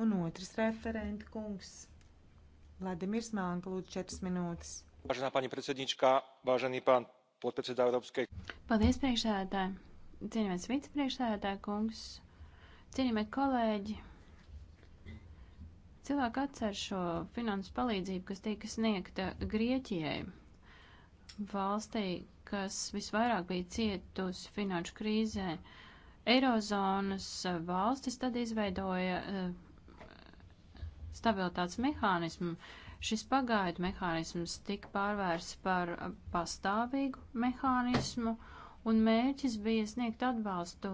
Speaker 3: un otrs referentu kungs. Vladimirs Mānka, lūdzu, 4 minūtes.
Speaker 2: Vážená pani predsednička, vážený pán podpredsedā Eiropaskei.
Speaker 1: Paldies priekšsēdētāji, cienījamais vicepriekšsēdētāji kungs, cienījamie kolēģi. Cilvēki atcer šo finansu palīdzību, kas tika sniegta Grieķijai valstī, kas visvairāk bija cietusi finanšu krīzē. Eirozonas valstis tad izveidoja eh, stabilitātes mehānismu. Šis pagaidu mehānisms tika pārvērsts par pastāvīgu mehānismu. Uh, un mērķis bija sniegt atbalstu,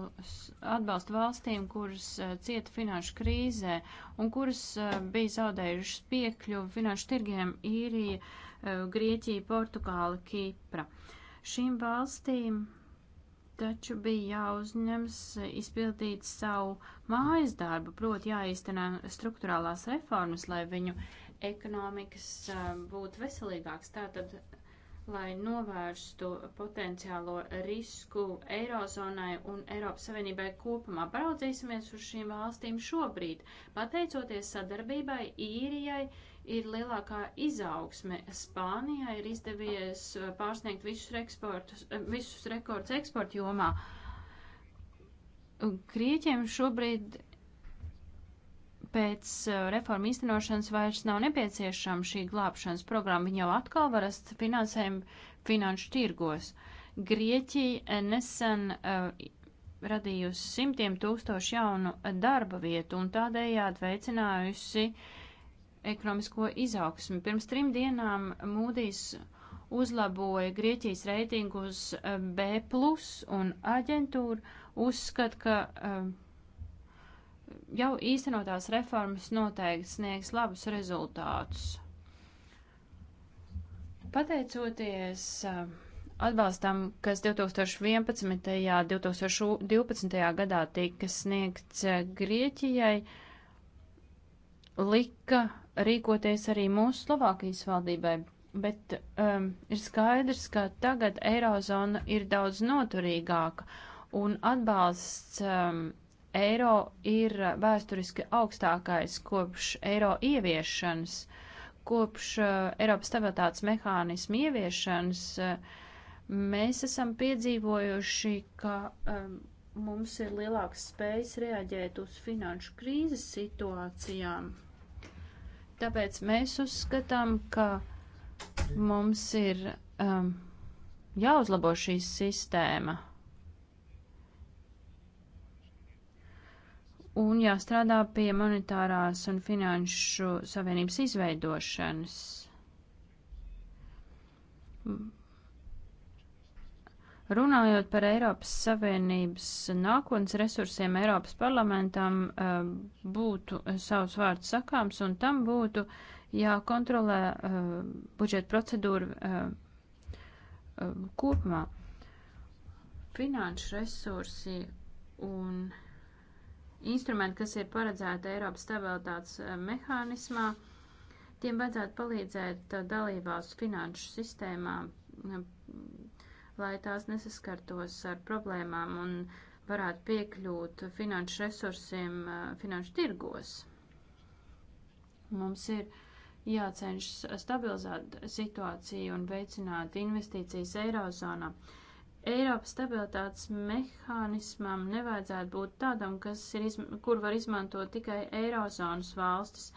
Speaker 1: atbalstu valstīm, kuras e, cieta finanšu krīzē un kuras e, bija zaudējušas piekļuvu finanšu tirgiem Īrija, e, Grieķija, Portugāla, Kipra. Šīm valstīm taču bija jāuzņems izpildīt savu mājas darbu, proti jāīstenā struktūrālās reformas, lai viņu ekonomikas būtu veselīgāks. Tātad lai novērstu potenciālo risku Eirozonai un Eiropas Savienībai kopumā. Paraudzīsimies uz šīm valstīm šobrīd. Pateicoties sadarbībai, īrijai ir lielākā izaugsme. Spānijai ir izdevies pārsniegt visus, visus rekordus eksporta jomā. Grieķiem šobrīd pēc eh, reformu īstenošanas vairs nav nepieciešama šī glābšanas programma, viņa jau atkal varast finansējumu finanšu tirgos. Grieķija nesen uh, radījusi simtiem tūkstošu jaunu darba vietu un tādējādi veicinājusi ekonomisko izaugsmi. Pirms trim dienām Mūdīs uzlaboja Grieķijas reitingu uz eh, B, un aģentūra uzskata, ka uh, jau īstenotās reformas noteikti sniegs labus rezultātus. Pateicoties um, atbalstam, kas 2011. un 2012. gadā tika sniegts uh, Grieķijai, lika rīkoties arī mūsu Slovākijas valdībai, bet um, ir skaidrs, ka tagad Eirozona ir daudz noturīgāka un atbalsts um, eiro ir vēsturiski augstākais kopš eiro ieviešanas, kopš uh, Eiropas stabilitātes mehānismu ieviešanas. Uh, mēs esam piedzīvojuši, ka um, mums ir lielāks spējas reaģēt uz finanšu krīzes situācijām. Tāpēc mēs uzskatām, ka mums ir um, jāuzlabo šī sistēma. un jāstrādā pie monetārās un finanšu savienības izveidošanas. Runājot par Eiropas Savienības nākotnes resursiem, Eiropas parlamentam eh, būtu savs vārds sakāms, un tam būtu jākontrolē eh, budžeta procedūra eh, kopumā. Finanšu resursi un instrumenti, kas ir paredzēti Eiropas stabilitātes eh, mehānismā, tiem vajadzētu palīdzēt eh, dalībās finanšu sistēmā, eh, lai tās nesaskartos ar problēmām un varētu piekļūt finanšu resursiem finanšu tirgos. Mums ir jācenšas stabilizēt situāciju un veicināt investīcijas Eirozonā. Uh, Eiropas stabilitātes mehānismam nevajadzētu būt tādam, ir, kur var izmantot tikai Eirozonas valstis.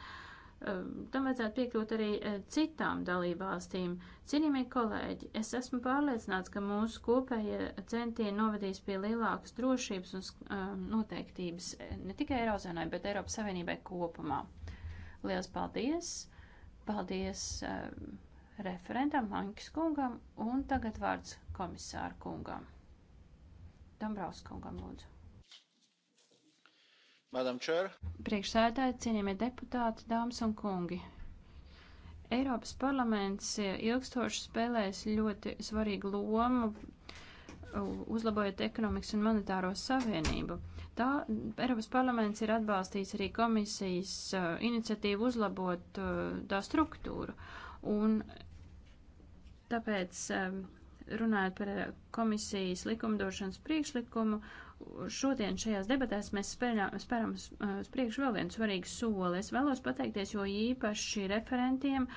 Speaker 1: Um, tam vajadzētu piekļūt arī eh, citām dalībvalstīm. Cienījamie kolēģi, es esmu pārliecināts, ka mūsu kopējie centieni novedīs pie lielākas drošības un um, noteiktības eh, ne tikai Eirozonai, bet Eiropas Savienībai kopumā. Lielas paldies! Paldies! Uh, referentam Mankas kungam un tagad vārds komisāra kungam. Dombraus kungam lūdzu. Madam Čer. Priekšsēdētāji, cienījamie deputāti, dāmas un kungi. Eiropas parlaments eh, ilgstoši spēlēs ļoti svarīgu lomu uh, uzlabojot ekonomikas un monetāro savienību. Tā Eiropas parlaments ir atbalstījis arī komisijas uh, iniciatīvu uzlabot uh, tā struktūru. Un Tāpēc, runājot par eh, komisijas likumdošanas priekšlikumu, šodien šajās debatēs mēs spēram eh, uz priekšu vēl vienu svarīgu soli. Es vēlos pateikties jo īpaši referentiem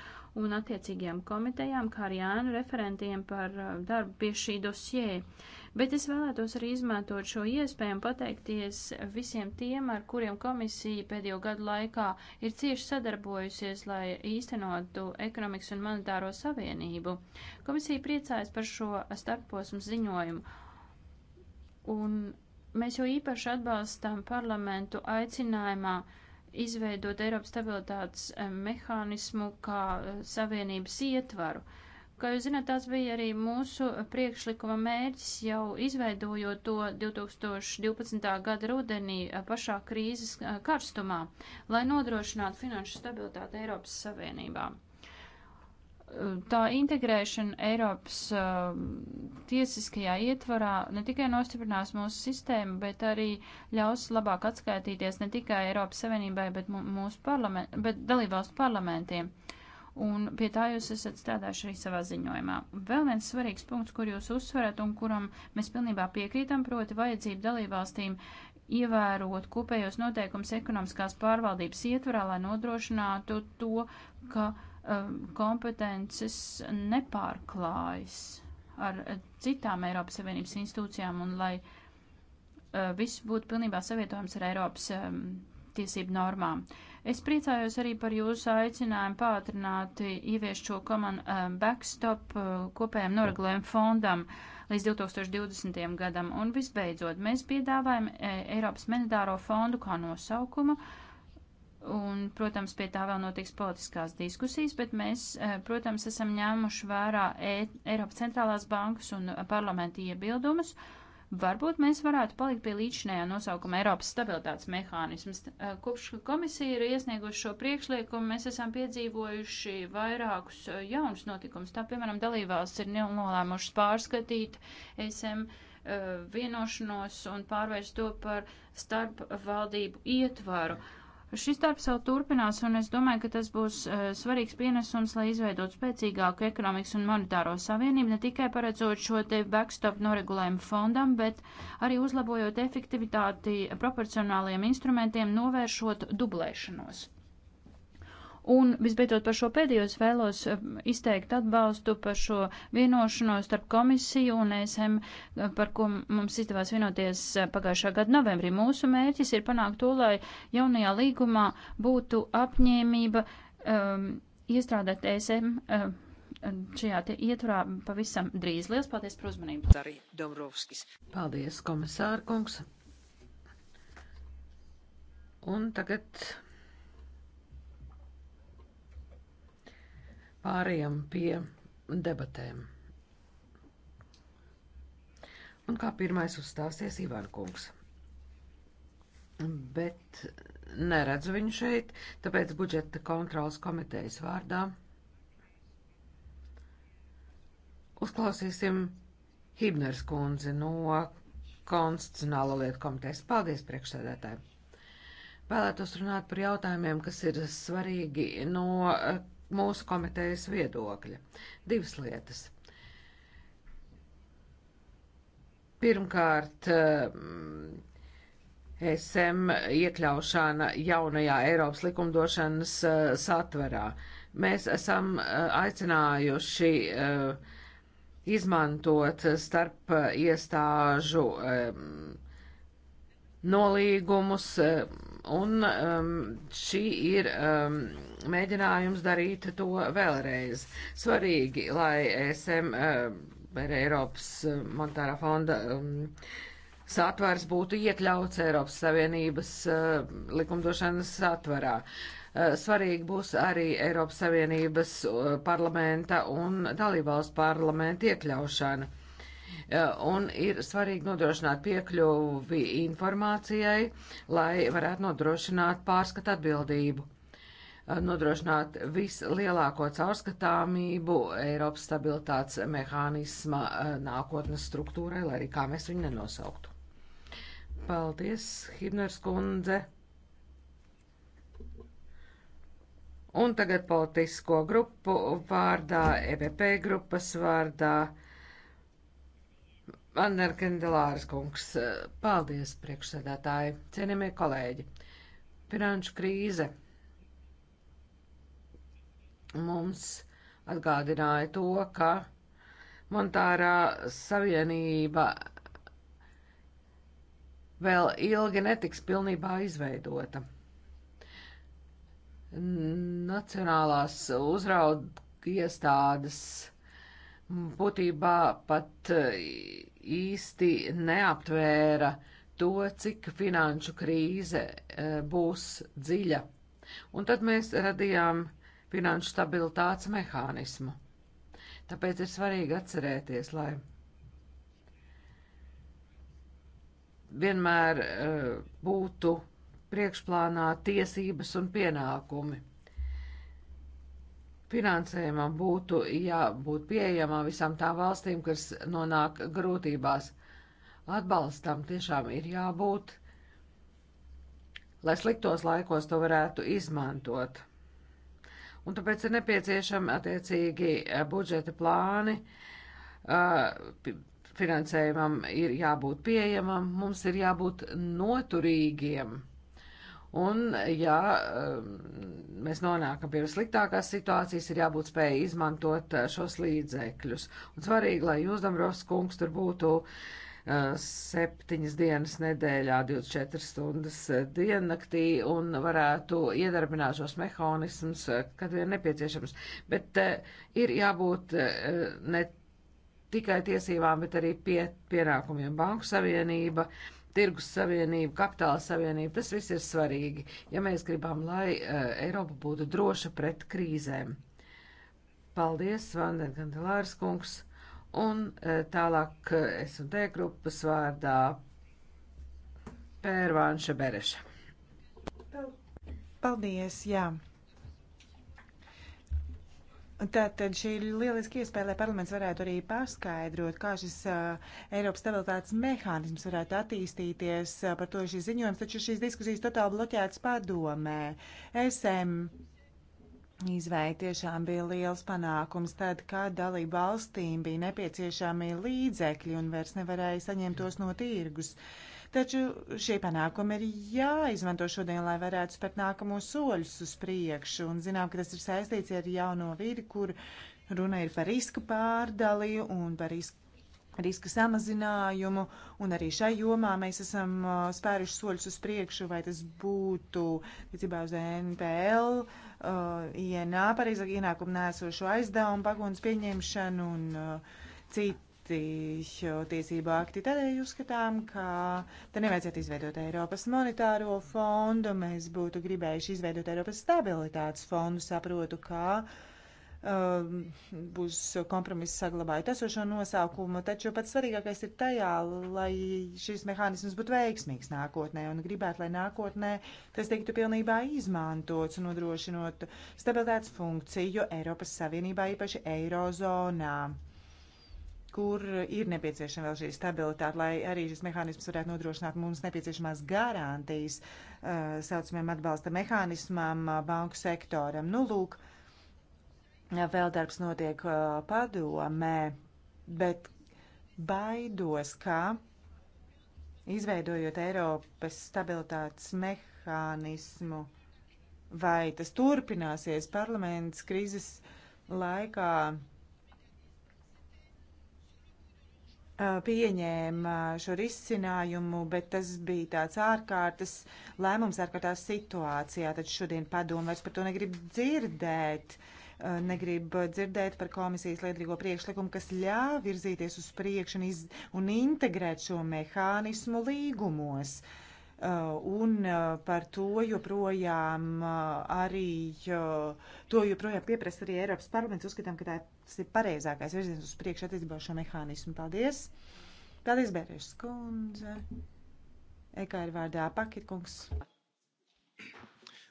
Speaker 1: un attiecīgiem komitejām, kā arī Jānu referentiem par eh, darbu pie šī dosjē. Bet es vēlētos arī izmantot šo iespēju un pateikties visiem tiem, ar kuriem komisija pēdējo gadu laikā ir cieši sadarbojusies, lai īstenotu ekonomikas un monetāro savienību. Komisija priecājas par šo starpposmu ziņojumu. Un mēs jau īpaši atbalstām parlamentu aicinājumā izveidot Eiropas stabilitātes eh, mehānismu kā eh, savienības ietvaru. Uh, Kā jūs zināt, tas bija arī mūsu priekšlikuma mērķis jau izveidojot to 2012. gada rudenī pašā krīzes karstumā, lai nodrošinātu finanšu stabilitāti Eiropas Savienībā. Tā integrēšana Eiropas uh, tiesiskajā ietvarā ne tikai nostiprinās mūsu sistēmu, bet arī ļaus labāk atskaitīties ne tikai Eiropas Savienībai, bet mūsu parlament, bet dalībvalstu parlamentiem. Uh, un pie tā jūs esat strādājuši arī savā ziņojumā. Vēl viens svarīgs punkts, kur jūs uzsverat un kuram mēs pilnībā piekrītam, proti vajadzību dalībvalstīm ievērot kopējos noteikums ekonomiskās pārvaldības ietvarā, lai nodrošinātu to, ka um, kompetences nepārklājas ar citām Eiropas Savienības institūcijām un lai uh, viss būtu pilnībā savietojams ar Eiropas um, tiesību normām. Es priecājos arī par jūsu aicinājumu pātrināt ievies šo common um, backstop uh, kopējiem noregulējumu fondam līdz 2020. gadam. Un visbeidzot, mēs piedāvājam e, Eiropas monetāro fondu kā nosaukumu. Un, protams, pie tā vēl notiks politiskās diskusijas, bet mēs, e, protams, esam ņēmuši vērā e Eiropas centrālās bankas un uh, parlamenta iebildumus Varbūt mēs varētu palikt pie līdzinējā nosaukuma Eiropas stabilitātes mehānisms. Eh, kopš komisija ir iesnieguši šo priekšliekumu, mēs esam piedzīvojuši vairākus eh, jaunus notikumus. Tā, piemēram, dalībvalsts ir nolēmušas pārskatīt SM eh, vienošanos un pārvērst to par starpvaldību ietvaru. Uh, Šis darbs vēl turpinās, un es domāju, ka tas būs uh, svarīgs pienesums, lai izveidot spēcīgāku ekonomikas un monetāro savienību, ne tikai paredzot šo te backstop noregulējumu fondam, bet arī uzlabojot efektivitāti proporcionāliem instrumentiem, novēršot dublēšanos. Un visbeidzot par šo pēdējo es vēlos eh, izteikt atbalstu par šo vienošanos starp komisiju un ESM, eh, par ko mums izdevās vienoties eh, pagājušā gada novembrī. Mūsu mērķis ir panākt to, lai jaunajā līgumā būtu apņēmība um, iestrādāt ESM. Um, Šajā ietvarā pavisam drīz. Lielas paldies par uzmanību. Arī
Speaker 2: Dombrovskis.
Speaker 1: Paldies, komisārkungs.
Speaker 2: Un tagad Pāriem pie debatēm. Un kā pirmais uzstāsies Ivan Kungs. Bet neredzu viņu šeit, tāpēc budžeta kontrolas komitejas vārdā uzklausīsim Hibners kundzi no Konstitucionālo lietu komitejas. Paldies, priekšsēdētāji! Vēlētos runāt par jautājumiem, kas ir svarīgi no mūsu komitejas viedokļa. Divas lietas. Pirmkārt, eh, SM iekļaušana jaunajā Eiropas likumdošanas eh, satverā. Mēs esam eh, aicinājuši izmantot starp iestāžu nolīgumus, Un um, šī ir um, mēģinājums darīt to vēlreiz. Svarīgi, lai ESM um, vai Eiropas um, monetārā fonda um, satvars būtu iekļauts Eiropas Savienības uh, likumdošanas satvarā. Uh, svarīgi būs arī Eiropas Savienības uh, parlamenta un dalībvalstu parlamenta iekļaušana. Uh, un ir svarīgi nodrošināt piekļuvi informācijai, lai varētu nodrošināt pārskat atbildību, nodrošināt vislielāko caurskatāmību Eiropas stabilitātes mehānisma nākotnes struktūrai, lai arī kā mēs viņu nenosauktu. Paldies, Hibners kundze! Un tagad politisko grupu vārdā, EPP grupas vārdā. Anna Kendelāras kungs, paldies priekšsēdētāji, cienījamie kolēģi. Finanšu krīze mums atgādināja to, ka monetārā savienība vēl ilgi netiks pilnībā izveidota. Nacionālās uzrauga iestādes būtībā pat eh, īsti neaptvēra to, cik finanšu krīze eh, būs dziļa. Un tad mēs radījām finanšu stabilitātes mehānismu. Tāpēc ir svarīgi atcerēties, lai vienmēr eh, būtu priekšplānā tiesības un pienākumi finansējumam būtu jābūt pieejamam visām tām valstīm, kas nonāk grūtībās. Atbalstam tiešām ir jābūt, lai sliktos laikos to varētu izmantot. Un tāpēc ir nepieciešami attiecīgi eh, budžeta plāni, eh, finansējumam ir jābūt pieejamam, mums ir jābūt noturīgiem Un, ja um, mēs nonākam pie sliktākās situācijas, ir jābūt spēja izmantot uh, šos līdzekļus. Un svarīgi, lai jūs, Dambrovs kungs, tur būtu uh, septiņas dienas nedēļā, 24 stundas uh, diennaktī un varētu iedarbināt šos mehānismus, kad vien nepieciešams. Bet ir jābūt ne tikai tiesībām, bet arī pie, pienākumiem Banku Savienība. Uh, tirgus savienību, kapitāla savienību, tas viss ir svarīgi, ja mēs gribam, lai uh, Eiropa būtu droša pret krīzēm. Paldies, Vandengandelārs kungs, un uh, tālāk es eh, un te
Speaker 3: grupas vārdā Pērvānša Bereša. Paldies, jā. Tātad šī ir lieliski iespēja, lai parlaments varētu arī paskaidrot, kā šis uh, Eiropas stabilitātes mehānisms varētu attīstīties. Uh, par to ir šis ziņojums, taču šīs diskusijas totāli bloķētas padomē. SM izvēja tiešām bija liels panākums tad, kad dalību valstīm bija nepieciešami līdzekļi un vairs nevarēja saņemt tos no tirgus. Uh, Taču šie panākumi ir jāizmanto šodien, lai varētu spērt nākamos soļus uz priekšu. Un zinām, ka tas ir saistīts ar jauno vidi, kur runa ir par riska pārdali un par risku riska samazinājumu, un arī šai jomā mēs esam spēruši soļus uz priekšu, vai tas būtu, ticībā uz NPL, uh, INA, pareizāk ienākumu nēsošu aizdevumu, pagodas pieņemšanu un uh, citu tiesību akti. Tādēļ uzskatām, ka te nevajadzētu izveidot Eiropas monetāro fondu. Mēs būtu gribējuši izveidot Eiropas stabilitātes fondu. Saprotu, ka um, būs kompromiss saglabājot esošo nosaukumu, taču pats svarīgākais ir tajā, lai šis mehānisms būtu veiksmīgs nākotnē un gribētu, lai nākotnē tas tiktu pilnībā izmantots, nodrošinot stabilitātes funkciju Eiropas Savienībā, īpaši Eirozonā kur ir nepieciešama vēl šī stabilitāte, lai arī šis mehānisms varētu nodrošināt mums nepieciešamās garantijas uh, saucamiem atbalsta mehānismam uh, banku sektoram. Nu, lūk, uh, vēl darbs notiek uh, padomē, bet baidos, ka izveidojot Eiropas stabilitātes mehānismu, vai tas turpināsies parlaments krīzes laikā pieņēma šo risinājumu, bet tas bija tāds ārkārtas lēmums ārkārtās situācijā. Tad šodien padomu vairs par to negrib dzirdēt. Negrib dzirdēt par komisijas liedrīgo priekšlikumu, kas ļāv virzīties uz priekšu un, iz, un integrēt šo mehānismu līgumos. Un par to joprojām arī, to joprojām pieprasa arī Eiropas parlaments, uzskatām, ka tā ir Tas ir pareizākais virziens uz priekšu attiecībā uz šo mehānismu. Paldies! Paldies, Bērēšs kundze! Ekā ir vārdā pakitkungs.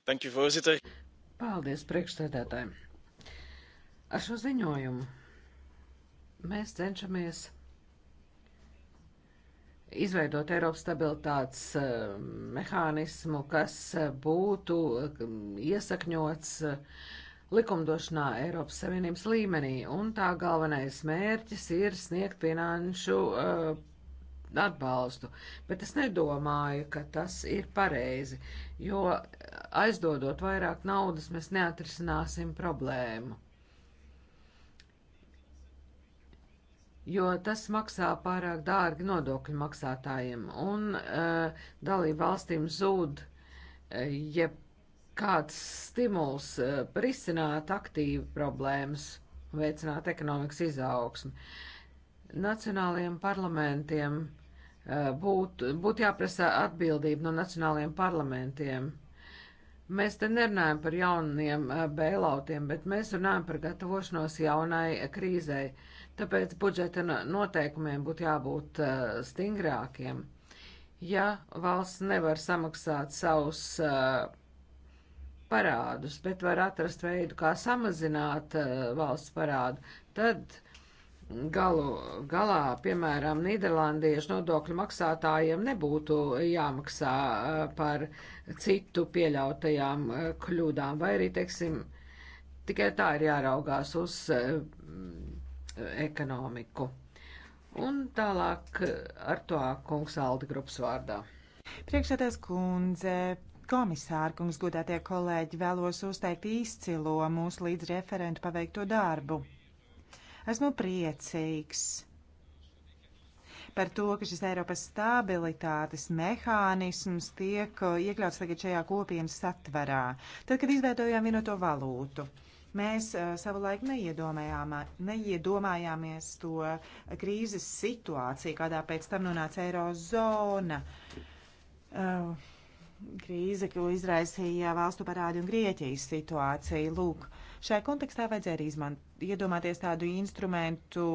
Speaker 2: Thank you, voorzitter.
Speaker 3: Paldies priekšsēdētājiem. Ar šo
Speaker 2: ziņojumu mēs cenšamies izveidot Eiropas stabilitātes uh, mehānismu, kas eh, būtu uh, iesakņots uh, likumdošanā Eiropas Savienības līmenī, un tā galvenais mērķis ir sniegt finanšu uh, atbalstu. Bet es nedomāju, ka tas ir pareizi, jo aizdodot vairāk naudas, mēs neatrisināsim problēmu. jo tas maksā pārāk dārgi nodokļu maksātājiem, un uh, dalību valstīm zūd uh, jeb kāds stimuls eh, risināt aktīvi problēmas, veicināt ekonomikas izaugsmi. Nacionālajiem parlamentiem eh, būtu būt jāprasa atbildība no nacionālajiem parlamentiem. Mēs te nerunājam par jauniem eh, bailautiem, bet mēs runājam par gatavošanos jaunai krīzei. Tāpēc budžeta noteikumiem būtu jābūt stingrākiem. Ja valsts nevar samaksāt savus uh, parādus, bet var atrast veidu, kā samazināt uh, valsts parādu, tad galu galā, piemēram, Nīderlandiešu nodokļu maksātājiem nebūtu jāmaksā uh, par citu pieļautajām uh, kļūdām, vai arī, teiksim, tikai tā ir jāraugās uz ekonomiku. Un tālāk ar
Speaker 3: to kungs Aldi grupas vārdā. Priekšsēdētājs kundze Komisārkungs, godātie kolēģi, vēlos uzteikt izcilo mūsu līdzreferentu paveikto darbu. Esmu priecīgs par to, ka šis Eiropas stabilitātes mehānisms tiek uh, iekļauts tagad šajā kopienas satverā. Tad, kad izveidojām vienoto valūtu, mēs uh, savulaik neiedomājāmies to krīzes situāciju, kādā pēc tam nonāca Eirozona. Uh, krīze, ko izraisīja valstu parādi un Grieķijas situācija. Lūk, šai kontekstā vajadzēja arī izmant, iedomāties tādu instrumentu,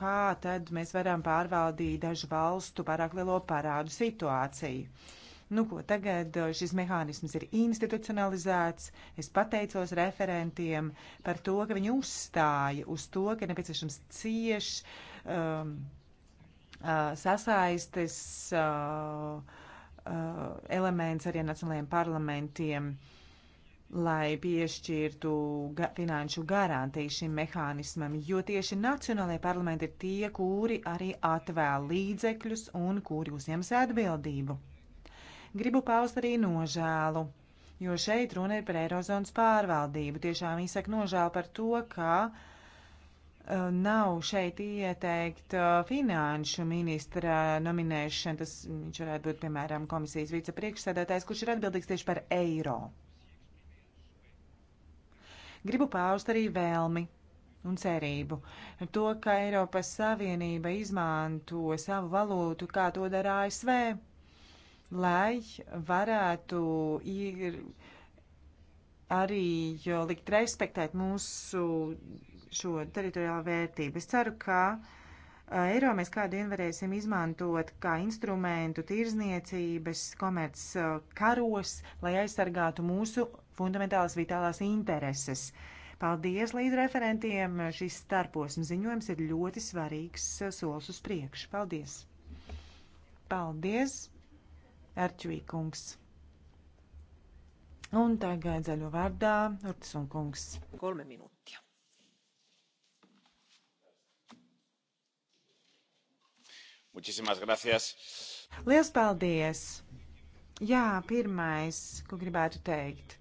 Speaker 3: kā tad mēs varam pārvaldīt dažu valstu pārāk lielo parādu situāciju. Nu, ko tagad eh, šis mehānisms ir institucionalizēts. Es pateicos referentiem par to, ka viņi uzstāja uz to, ka nepieciešams cieši um, uh, sasaistes. Uh, Uh, elements arī nacionālajiem parlamentiem, lai piešķirtu ga finanšu garantiju šim mehānismam, jo tieši nacionālajie parlamenti ir tie, kuri arī atvēl līdzekļus un kuri uzņems atbildību. Gribu paust arī nožēlu, jo šeit runa ir par Eirozonas pārvaldību. Tiešām izsaka nožēlu par to, ka uh, nav šeit ieteikta uh, finanšu ministra nominēšana. Tas viņš varētu būt, piemēram, komisijas vicepriekšsēdētājs, kurš ir atbildīgs tieši par eiro. Gribu paust arī vēlmi un cerību to, ka Eiropas Savienība izmanto savu valūtu, kā to dara ASV, lai varētu ir arī likt respektēt mūsu šo teritoriālo vērtību. Es ceru, ka eh, eiro mēs kādu dienu varēsim izmantot kā instrumentu tirzniecības, komerc eh, karos, lai aizsargātu mūsu fundamentālas vitālās intereses. Paldies līdz referentiem. Šis starposms ziņojums ir ļoti svarīgs eh, solis uz priekšu. Paldies! Paldies, Erķvīkungs! Un tagad zaļo vārdā Urtis un kungs. Kolme minūte. Muchísimas gracias. Lielas paldies! Jā, pirmais, ko gribētu teikt.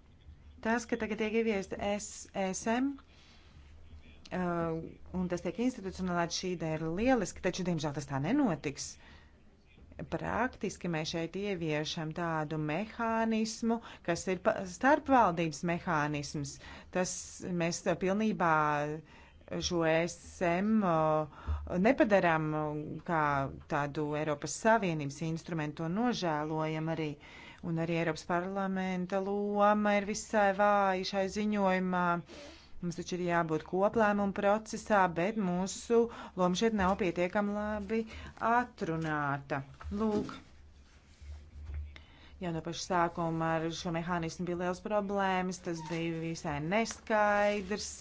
Speaker 3: Tas, ka tagad tiek ieviesta SSM, uh, un tas tiek institucionalizēts, šī ideja ir lieliski, taču, diemžēl, tas tā nenotiks. Praktiski mēs šeit ieviešam tādu mehānismu, kas ir starpvaldības mehānisms. Tas mēs pilnībā. Uh, šo ESM nepadarām kā tādu Eiropas Savienības instrumentu un nožēlojam arī. Un arī Eiropas parlamenta loma ir visai vāja šai ziņojumā. Mums taču ir jābūt koplēmumu procesā, bet mūsu loma šeit nav pietiekami labi atrunāta. Lūk, jau no paša sākuma ar šo mehānismu bija liels problēmas, tas bija visai neskaidrs.